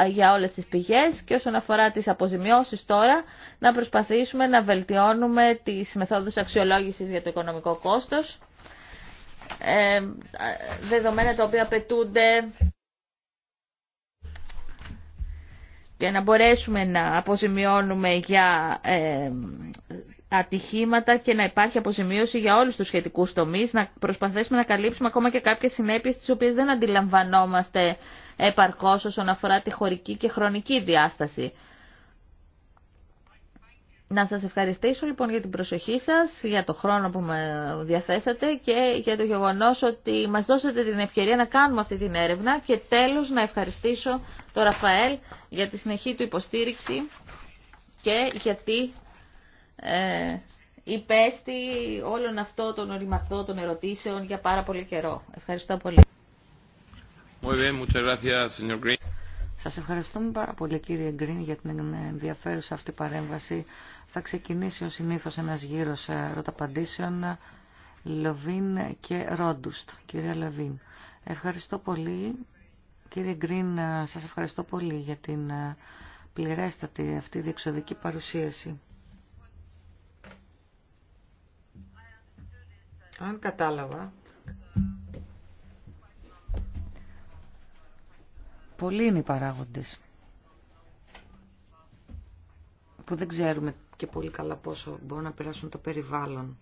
για όλες τις πηγές και όσον αφορά τις αποζημιώσεις τώρα να προσπαθήσουμε να βελτιώνουμε τις μεθόδους αξιολόγησης για το οικονομικό κόστος, ε, δεδομένα τα οποία απαιτούνται για να μπορέσουμε να αποζημιώνουμε για ε, ατυχήματα και να υπάρχει αποζημίωση για όλους τους σχετικούς τομείς, να προσπαθήσουμε να καλύψουμε ακόμα και κάποιες συνέπειες τις οποίες δεν αντιλαμβανόμαστε επαρκώς όσον αφορά τη χωρική και χρονική διάσταση. Να σας ευχαριστήσω λοιπόν για την προσοχή σας, για το χρόνο που με διαθέσατε και για το γεγονός ότι μας δώσατε την ευκαιρία να κάνουμε αυτή την έρευνα και τέλος να ευχαριστήσω τον Ραφαέλ για τη συνεχή του υποστήριξη και γιατί ε, υπέστη όλων αυτό των οριμαθό των ερωτήσεων για πάρα πολύ καιρό. Ευχαριστώ πολύ. Muy bien, σας ευχαριστούμε πάρα πολύ κύριε Γκριν για την ενδιαφέρουσα αυτή παρέμβαση. Θα ξεκινήσει ο συνήθως ένας γύρος ε, ρωταπαντήσεων Λοβίν και Ρόντουστ. Κυρία Λοβίν, ευχαριστώ πολύ. Κύριε Γκριν, ε, σας ευχαριστώ πολύ για την ε, πληρέστατη αυτή διεξοδική παρουσίαση. Αν κατάλαβα, Πολλοί είναι οι παράγοντες που δεν ξέρουμε και πολύ καλά πόσο μπορούν να περάσουν το περιβάλλον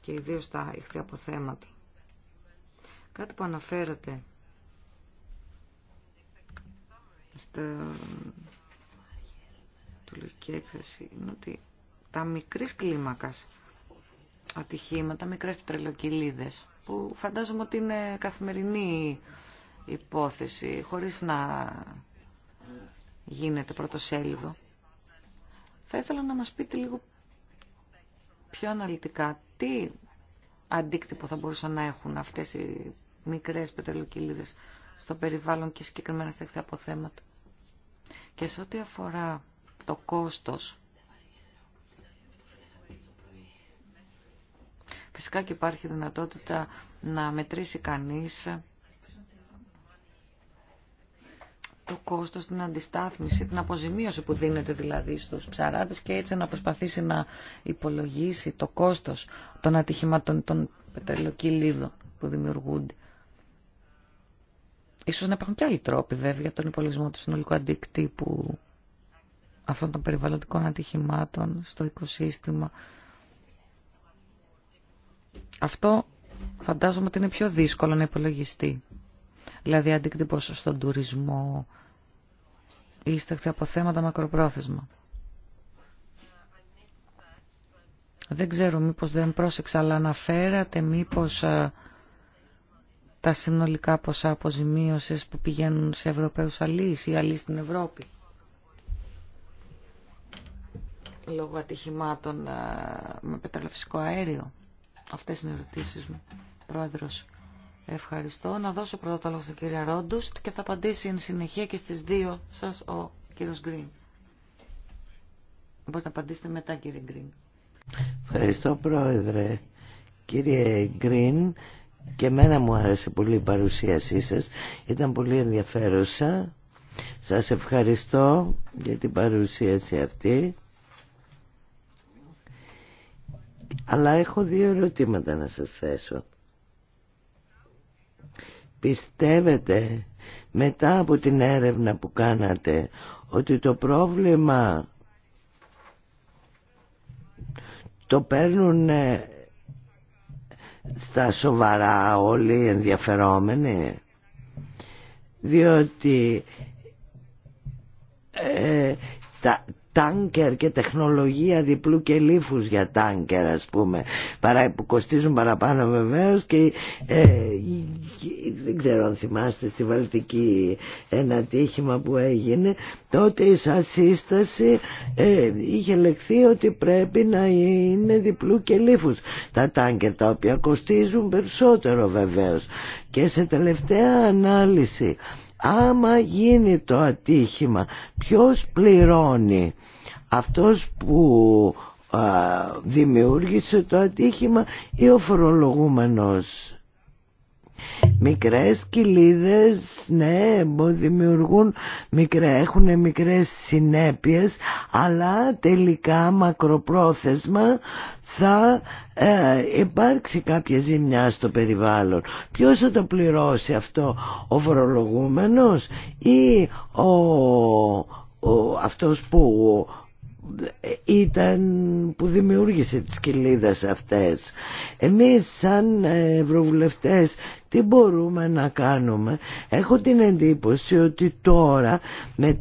και ιδίως τα ηχθή αποθέματα. Κάτι που αναφέρατε στο τουλογική έκθεση είναι ότι τα μικρής κλίμακας ατυχήματα, μικρές πετρελοκυλίδες που φαντάζομαι ότι είναι καθημερινή υπόθεση χωρίς να γίνεται πρωτοσέλιδο. Θα ήθελα να μας πείτε λίγο πιο αναλυτικά τι αντίκτυπο θα μπορούσαν να έχουν αυτές οι μικρές πετρελοκυλίδες στο περιβάλλον και συγκεκριμένα στα τα αποθέματα. Και σε ό,τι αφορά το κόστος, φυσικά και υπάρχει δυνατότητα να μετρήσει κανείς το κόστος, την αντιστάθμιση, την αποζημίωση που δίνεται δηλαδή στους ψαράτες και έτσι να προσπαθήσει να υπολογίσει το κόστος των ατυχημάτων των πετρελοκυλίδων που δημιουργούνται. Ίσως να υπάρχουν και άλλοι τρόποι βέβαια για τον υπολογισμό του συνολικού αντικτύπου αυτών των περιβαλλοντικών ατυχημάτων στο οικοσύστημα. Αυτό φαντάζομαι ότι είναι πιο δύσκολο να υπολογιστεί δηλαδή αντίκτυπος στον τουρισμό ή στα από θέματα μακροπρόθεσμα. Δεν ξέρω μήπως δεν πρόσεξα, αλλά αναφέρατε μήπως ε, τα συνολικά ποσά αποζημίωσης που πηγαίνουν σε Ευρωπαίους αλείς ή αλείς στην Ευρώπη. Λόγω ατυχημάτων ε, με πετρελαφυσικό αέριο. Αυτές είναι οι ερωτήσεις μου, Πρόεδρος. Ευχαριστώ. Να δώσω πρώτα το λόγο στον κύριο Ρόντουστ και θα απαντήσει εν συνεχεία και στις δύο σας ο κύριος Γκριν. Μπορείτε να απαντήσετε μετά κύριε Γκριν. Ευχαριστώ πρόεδρε. Κύριε Γκριν, και εμένα μου άρεσε πολύ η παρουσίασή σας. Ήταν πολύ ενδιαφέρουσα. Σας ευχαριστώ για την παρουσίαση αυτή. Αλλά έχω δύο ερωτήματα να σας θέσω. Πιστεύετε μετά από την έρευνα που κάνατε ότι το πρόβλημα το παίρνουν στα σοβαρά όλοι οι ενδιαφερόμενοι διότι ε, τα, τάνκερ και τεχνολογία διπλού και λύφους για τάνκερ ας πούμε παρά, που κοστίζουν παραπάνω βεβαίως και ε, δεν ξέρω αν θυμάστε στη Βαλτική ένα τύχημα που έγινε τότε η σαν σύσταση ε, είχε λεχθεί ότι πρέπει να είναι διπλού και λίφους τα τάνκερ τα οποία κοστίζουν περισσότερο βεβαίως και σε τελευταία ανάλυση Άμα γίνει το ατύχημα, ποιος πληρώνει αυτός που δημιούργησε το ατύχημα ή ο φορολογούμενος. Μικρές κοιλίδες, ναι, δημιουργούν μικρέ, έχουν μικρές συνέπειες, αλλά τελικά μακροπρόθεσμα θα ε, υπάρξει κάποια ζημιά στο περιβάλλον. Ποιος θα το πληρώσει αυτό, ο φορολογούμενος ή ο αυτός που ήταν που δημιούργησε τις κοιλίδες αυτές. Εμείς σαν ευρωβουλευτές τι μπορούμε να κάνουμε. Έχω την εντύπωση ότι τώρα, με,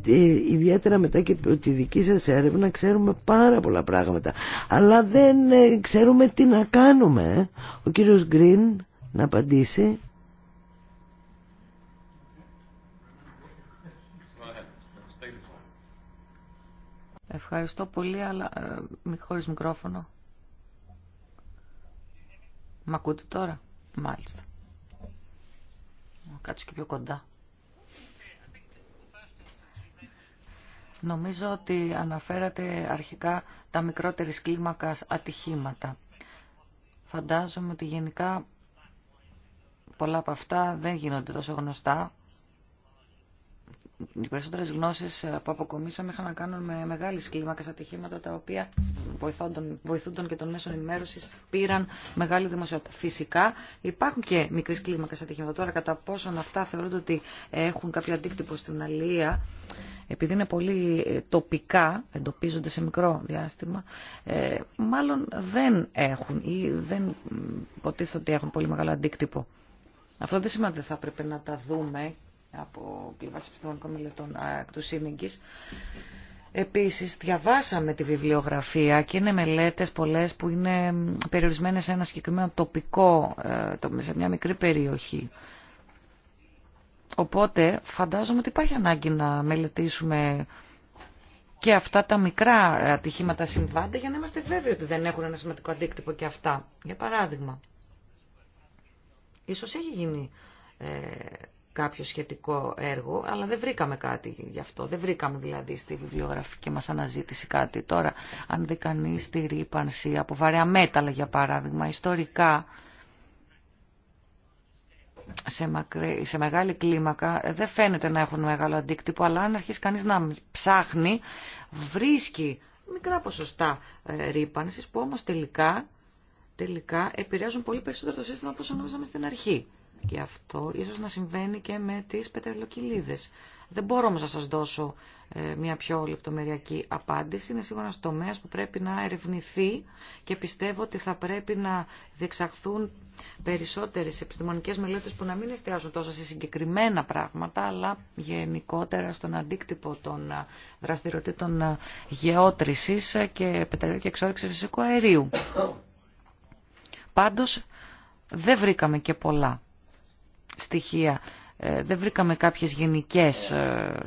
ιδιαίτερα μετά και τη δική σας έρευνα, ξέρουμε πάρα πολλά πράγματα. Αλλά δεν ε, ξέρουμε τι να κάνουμε. Ε. Ο κύριος Γκριν να απαντήσει. Ευχαριστώ πολύ, αλλά ε, χωρίς μικρόφωνο. Μ' ακούτε τώρα? Μάλιστα. Κάτσω και πιο κοντά. Νομίζω ότι αναφέρατε αρχικά τα μικρότερη κλίμακα ατυχήματα. Φαντάζομαι ότι γενικά πολλά από αυτά δεν γίνονται τόσο γνωστά οι περισσότερε γνώσει ε, που αποκομίσαμε είχαν να κάνουν με μεγάλες κλίμακες ατυχήματα τα οποία βοηθούντων και των μέσων ενημέρωση πήραν μεγάλη δημοσιότητα. Φυσικά υπάρχουν και μικρές κλίμακες ατυχήματα. Τώρα κατά πόσον αυτά θεωρούνται ότι έχουν κάποιο αντίκτυπο στην αλία επειδή είναι πολύ ε, τοπικά, εντοπίζονται σε μικρό διάστημα, ε, μάλλον δεν έχουν ή δεν υποτίθεται ότι έχουν πολύ μεγάλο αντίκτυπο. Αυτό δεν σημαίνει ότι θα πρέπει να τα δούμε από πλευρά επιστημονικών μελετών του Σύνηγκης. Επίσης, διαβάσαμε τη βιβλιογραφία και είναι μελέτες πολλές που είναι περιορισμένες σε ένα συγκεκριμένο τοπικό, ε, σε μια μικρή περιοχή. Οπότε, φαντάζομαι ότι υπάρχει ανάγκη να μελετήσουμε και αυτά τα μικρά ατυχήματα συμβάντα για να είμαστε βέβαιοι ότι δεν έχουν ένα σημαντικό αντίκτυπο και αυτά. Για παράδειγμα, ίσως έχει γίνει ε, κάποιο σχετικό έργο, αλλά δεν βρήκαμε κάτι γι' αυτό. Δεν βρήκαμε δηλαδή στη βιβλιογραφική μας αναζήτηση κάτι. Τώρα, αν δει κανεί τη ρήπανση από βαρέα μέταλλα, για παράδειγμα, ιστορικά, σε, μακρι... σε μεγάλη κλίμακα ε, δεν φαίνεται να έχουν μεγάλο αντίκτυπο, αλλά αν αρχίσει κανείς να ψάχνει, βρίσκει μικρά ποσοστά ε, ρήπανσης που όμως τελικά τελικά επηρεάζουν πολύ περισσότερο το σύστημα από όσο νομίζαμε στην αρχή. Και αυτό ίσω να συμβαίνει και με τι πετρελοκυλίδες. Δεν μπορώ όμω να σα δώσω ε, μια πιο λεπτομεριακή απάντηση. Είναι σίγουρα ένα τομέα που πρέπει να ερευνηθεί και πιστεύω ότι θα πρέπει να διεξαχθούν περισσότερες επιστημονικέ μελέτε που να μην εστιάζουν τόσο σε συγκεκριμένα πράγματα, αλλά γενικότερα στον αντίκτυπο των ε, δραστηριοτήτων ε, γεώτρηση και πετρελαίου και εξόρυξης φυσικού αερίου. Πάντως δεν βρήκαμε και πολλά στοιχεία. Ε, δεν βρήκαμε κάποιες γενικές ε,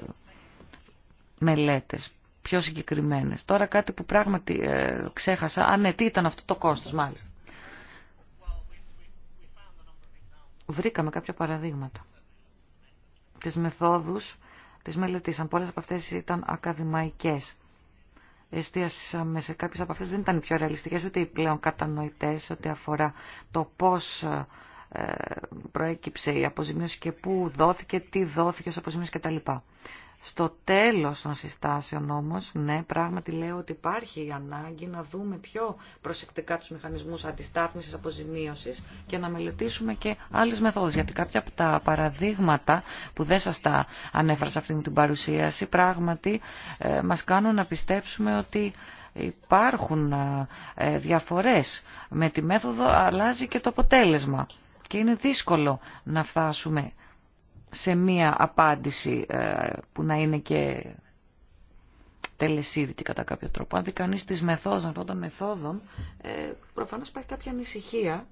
μελέτες πιο συγκεκριμένες. Τώρα κάτι που πράγματι ε, ξέχασα. Α, ναι, ήταν αυτό το κόστος μάλιστα. Βρήκαμε κάποια παραδείγματα. Τις μεθόδους τις μελετήσαν. Πολλές από αυτές ήταν ακαδημαϊκές εστίασαμε σε κάποιες από αυτές δεν ήταν πιο ρεαλιστικές ούτε οι πλέον κατανοητές ό,τι αφορά το πώς ε, ε, προέκυψε η αποζημίωση και πού δόθηκε, τι δόθηκε ως αποζημίωση κτλ. Στο τέλος των συστάσεων όμως, ναι, πράγματι λέω ότι υπάρχει η ανάγκη να δούμε πιο προσεκτικά τους μηχανισμούς αντιστάθμισης αποζημίωσης και να μελετήσουμε και άλλες μεθόδους. Γιατί κάποια από τα παραδείγματα που δεν σας τα ανέφερα σε αυτήν την παρουσίαση, πράγματι ε, μας κάνουν να πιστέψουμε ότι υπάρχουν ε, διαφορές. Με τη μέθοδο αλλάζει και το αποτέλεσμα και είναι δύσκολο να φτάσουμε σε μία απάντηση ε, που να είναι και τελεσίδητη κατά κάποιο τρόπο. Αν δει κανείς τις μεθόδων, αυτών των μεθόδων, ε, προφανώς υπάρχει κάποια ανησυχία.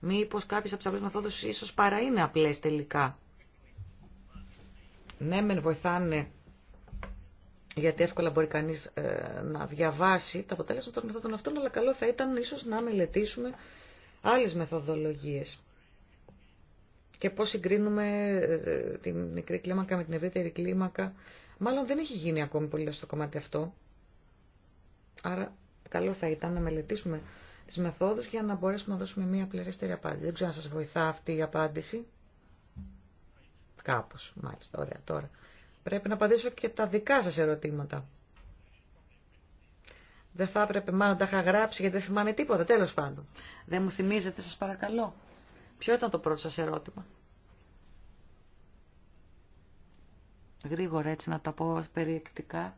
Μήπως κάποιες από τις απλές μεθόδους ίσως παρά είναι απλές τελικά. Ναι, μεν βοηθάνε γιατί εύκολα μπορεί κανείς ε, να διαβάσει τα αποτέλεσμα των μεθόδων αυτών, αλλά καλό θα ήταν ίσως να μελετήσουμε άλλες μεθοδολογίες και πώς συγκρίνουμε ε, ε, την μικρή κλίμακα με την ευρύτερη κλίμακα. Μάλλον δεν έχει γίνει ακόμη πολύ στο κομμάτι αυτό. Άρα καλό θα ήταν να μελετήσουμε τις μεθόδους για να μπορέσουμε να δώσουμε μια πληρέστερη απάντηση. Δεν ξέρω αν σας βοηθά αυτή η απάντηση. Κάπως, μάλιστα, ωραία τώρα. Πρέπει να απαντήσω και τα δικά σας ερωτήματα. Δεν θα έπρεπε μάλλον τα είχα γράψει γιατί δεν θυμάμαι τίποτα, τέλος πάντων. Δεν μου θυμίζετε, σας παρακαλώ. Ποιο ήταν το πρώτο σας ερώτημα. Γρήγορα έτσι να τα πω περιεκτικά.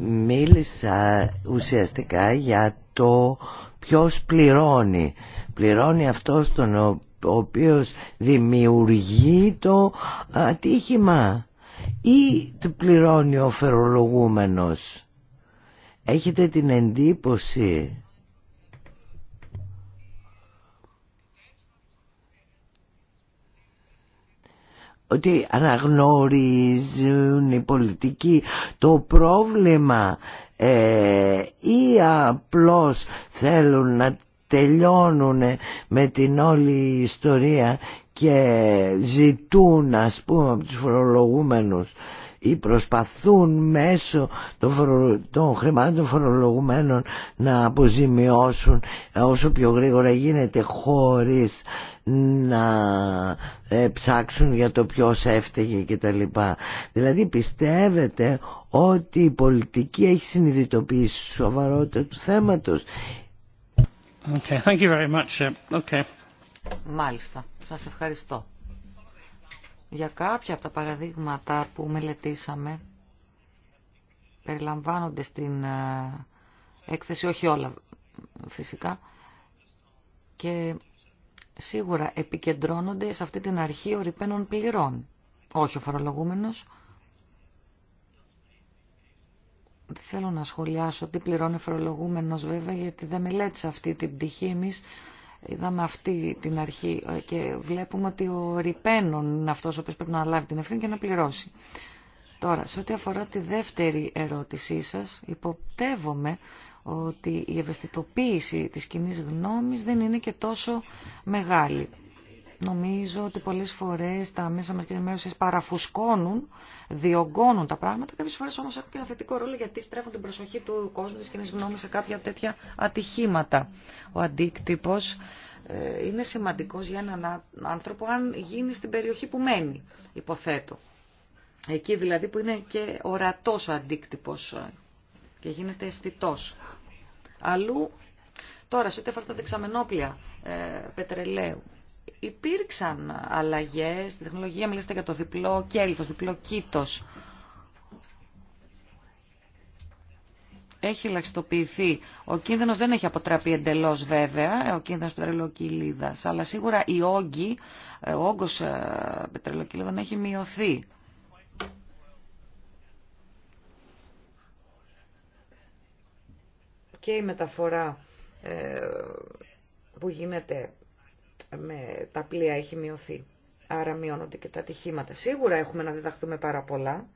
Μίλησα ουσιαστικά για το ποιος πληρώνει. Πληρώνει αυτός τον ο οποίος δημιουργεί το ατύχημα ή πληρώνει ο φερολογούμενος. Έχετε την εντύπωση ότι αναγνωρίζουν οι πολιτικοί το πρόβλημα ε, ή απλώς θέλουν να τελειώνουν με την όλη ιστορία και ζητούν ας πούμε από τους φορολογούμενους ή προσπαθούν μέσω των, των χρημάτων των φορολογουμένων να αποζημιώσουν όσο πιο γρήγορα γίνεται χωρίς να ε, ψάξουν για το ποιος έφταιγε κτλ. Δηλαδή πιστεύετε ότι η πολιτική έχει συνειδητοποιήσει τη σοβαρότητα του θέματος. Okay, thank you very much. Okay. Μάλιστα. Σας ευχαριστώ. Για κάποια από τα παραδείγματα που μελετήσαμε, περιλαμβάνονται στην ε, έκθεση, όχι όλα φυσικά, και σίγουρα επικεντρώνονται σε αυτή την αρχή ορυπαίνων πληρών. Όχι ο φορολογούμενος. Δεν θέλω να σχολιάσω τι πληρώνει ο φορολογούμενος βέβαια, γιατί δεν μελέτησα αυτή την πτυχή. Εμείς Είδαμε αυτή την αρχή ε, και βλέπουμε ότι ο Ριπένων είναι αυτός ο οποίος πρέπει να λάβει την ευθύνη και να πληρώσει. Τώρα, σε ό,τι αφορά τη δεύτερη ερώτησή σας, υποπτεύομαι ότι η ευαισθητοποίηση της κοινή γνώμης δεν είναι και τόσο μεγάλη. Νομίζω ότι πολλέ φορέ τα μέσα μας και ενημέρωση παραφουσκώνουν, διωγγώνουν τα πράγματα. Κάποιε φορέ όμω έχουν και ένα θετικό ρόλο γιατί στρέφουν την προσοχή του κόσμου τη κοινή γνώμη σε κάποια τέτοια ατυχήματα. Ο αντίκτυπος ε, είναι σημαντικό για έναν άνθρωπο αν γίνει στην περιοχή που μένει, υποθέτω. Εκεί δηλαδή που είναι και ορατό ο αντίκτυπο ε, και γίνεται αισθητό. Αλλού, τώρα σε ό,τι τα δεξαμενόπλια ε, πετρελαίου, υπήρξαν αλλαγέ στην τεχνολογία, μιλήσατε για το διπλό κέλυφος, διπλό κήτος. Έχει ελαχιστοποιηθεί. Ο κίνδυνο δεν έχει αποτραπεί εντελώ βέβαια, ε, ο κίνδυνο πετρελοκυλίδα. αλλά σίγουρα η όγκη, ε, ο όγκος ε, πετρελοκυλίδων έχει μειωθεί. Και η μεταφορά που γίνεται με τα πλοία έχει μειωθεί. Άρα μειώνονται και τα ατυχήματα. Σίγουρα έχουμε να διδαχθούμε πάρα πολλά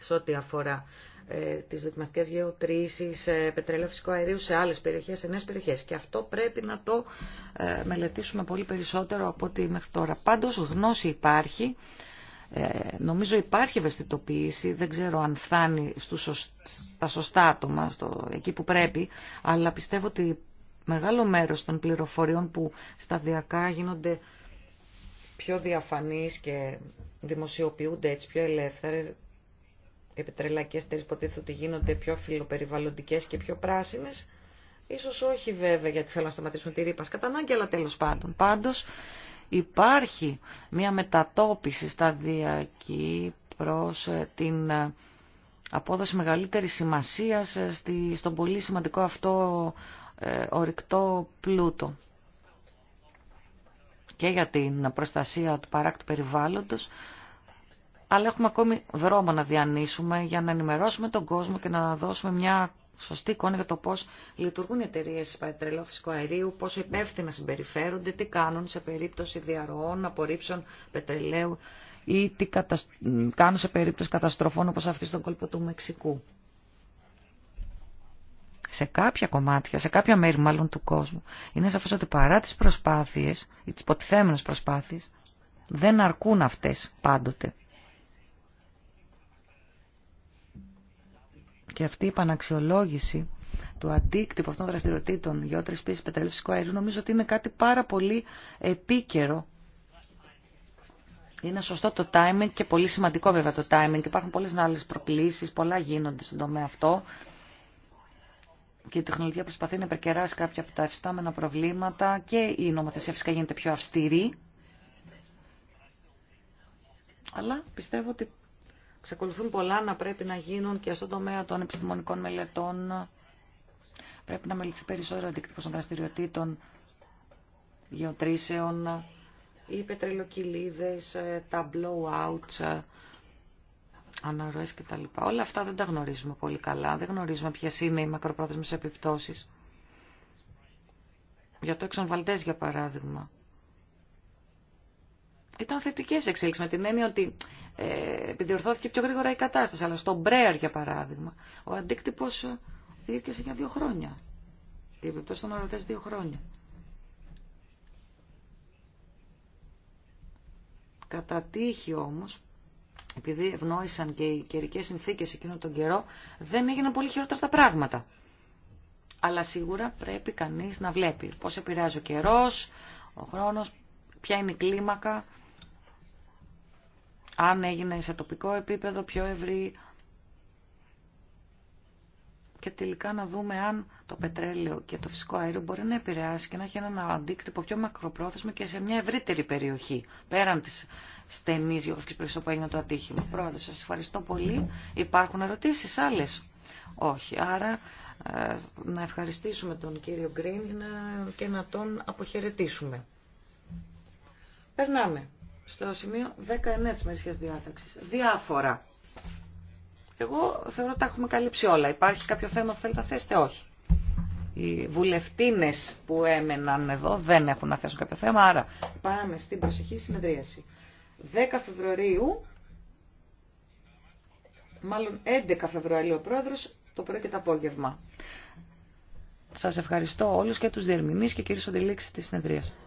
σε ό,τι αφορά ε, τις δοκιμαστικές γεωτρήσεις, ε, πετρέλαιο φυσικό αερίου σε άλλες περιοχές, σε νέες περιοχές. Και αυτό πρέπει να το ε, μελετήσουμε πολύ περισσότερο από ό,τι μέχρι τώρα. Πάντως γνώση υπάρχει. Ε, νομίζω υπάρχει ευαισθητοποίηση, δεν ξέρω αν φτάνει στα σωστά άτομα, εκεί που πρέπει, αλλά πιστεύω ότι μεγάλο μέρος των πληροφοριών που σταδιακά γίνονται πιο διαφανείς και δημοσιοποιούνται έτσι πιο ελεύθερα, επιτρελακές εταιρείες υποτίθεται ότι γίνονται πιο φιλοπεριβαλλοντικές και πιο πράσινες, ίσως όχι βέβαια γιατί θέλουν να σταματήσουν τη ρήπα κατά ανάγκη, αλλά τέλος πάντων. Πάντως υπάρχει μια μετατόπιση σταδιακή προς ε, την ε, απόδοση μεγαλύτερης σημασίας ε, στον πολύ σημαντικό αυτό ε, ορυκτό πλούτο και για την προστασία του παράκτου περιβάλλοντος, αλλά έχουμε ακόμη δρόμο να διανύσουμε για να ενημερώσουμε τον κόσμο και να δώσουμε μια σωστή εικόνα για το πώς λειτουργούν οι εταιρείε πετρελαίου φυσικού αερίου, πόσο υπεύθυνα συμπεριφέρονται, τι κάνουν σε περίπτωση διαρροών, απορρίψεων πετρελαίου ή τι κάνουν σε περίπτωση καταστροφών όπως αυτή στον κόλπο του Μεξικού σε κάποια κομμάτια, σε κάποια μέρη μάλλον του κόσμου, είναι σαφές ότι παρά τις προσπάθειες ή τις υποτιθέμενες προσπάθειες, δεν αρκούν αυτές πάντοτε. Και αυτή η τις υποτιθεμενες προσπαθειες δεν αρκουν αυτες παντοτε και αυτη η παναξιολογηση του αντίκτυπου αυτών των δραστηριοτήτων για ότρες πίεσης πετρελαίου φυσικού αερίου νομίζω ότι είναι κάτι πάρα πολύ επίκαιρο. Είναι σωστό το timing και πολύ σημαντικό βέβαια το timing. Υπάρχουν πολλές άλλες προκλήσεις, πολλά γίνονται στον τομέα αυτό και η τεχνολογία προσπαθεί να υπερκεράσει κάποια από τα εφιστάμενα προβλήματα και η νομοθεσία φυσικά γίνεται πιο αυστηρή. Αλλά πιστεύω ότι ξεκολουθούν πολλά να πρέπει να γίνουν και στον τομέα των επιστημονικών μελετών. Πρέπει να μελετηθεί περισσότερο αντίκτυπος των δραστηριοτήτων γεωτρήσεων ή πετρελοκυλίδες, ε, τα blowouts ε, αναρροέ κτλ. Όλα αυτά δεν τα γνωρίζουμε πολύ καλά, δεν γνωρίζουμε ποιε είναι οι μακροπρόθεσμε επιπτώσει. Για το εξονβαλτές, για παράδειγμα. Ήταν θετικέ εξέλιξει με την έννοια ότι ε, επιδιορθώθηκε πιο γρήγορα η κατάσταση. Αλλά στον Μπρέαρ, για παράδειγμα, ο αντίκτυπο ε, διήρκεσε για δύο χρόνια. Η επιπτώση των ορατέ δύο χρόνια. Κατά τύχη όμως επειδή ευνόησαν και οι καιρικέ συνθήκες εκείνο τον καιρό, δεν έγιναν πολύ χειρότερα τα πράγματα. Αλλά σίγουρα πρέπει κανείς να βλέπει πώς επηρεάζει ο καιρό, ο χρόνος, ποια είναι η κλίμακα, αν έγινε σε τοπικό επίπεδο, πιο ευρύ, και τελικά να δούμε αν το πετρέλαιο και το φυσικό αέριο μπορεί να επηρεάσει και να έχει έναν αντίκτυπο πιο μακροπρόθεσμο και σε μια ευρύτερη περιοχή, πέραν τη στενή γεωγραφική περιοχή που έγινε το ατύχημα. Πρόεδρε, σα ευχαριστώ πολύ. Υπάρχουν ερωτήσει άλλε. Όχι. Άρα ε, να ευχαριστήσουμε τον κύριο Γκριν και να τον αποχαιρετήσουμε. Περνάμε στο σημείο 19 της μερικής διάταξης. Διάφορα. Εγώ θεωρώ ότι τα έχουμε καλύψει όλα. Υπάρχει κάποιο θέμα που θέλετε να θέσετε, όχι. Οι βουλευτίνες που έμεναν εδώ δεν έχουν να θέσουν κάποιο θέμα, άρα πάμε στην προσεχή συνεδρίαση. 10 Φεβρουαρίου, μάλλον 11 Φεβρουαρίου ο πρόεδρος, το πρωί και το απόγευμα. Σας ευχαριστώ όλους και τους διερμηνείς και κύριε τη της συνεδρίας.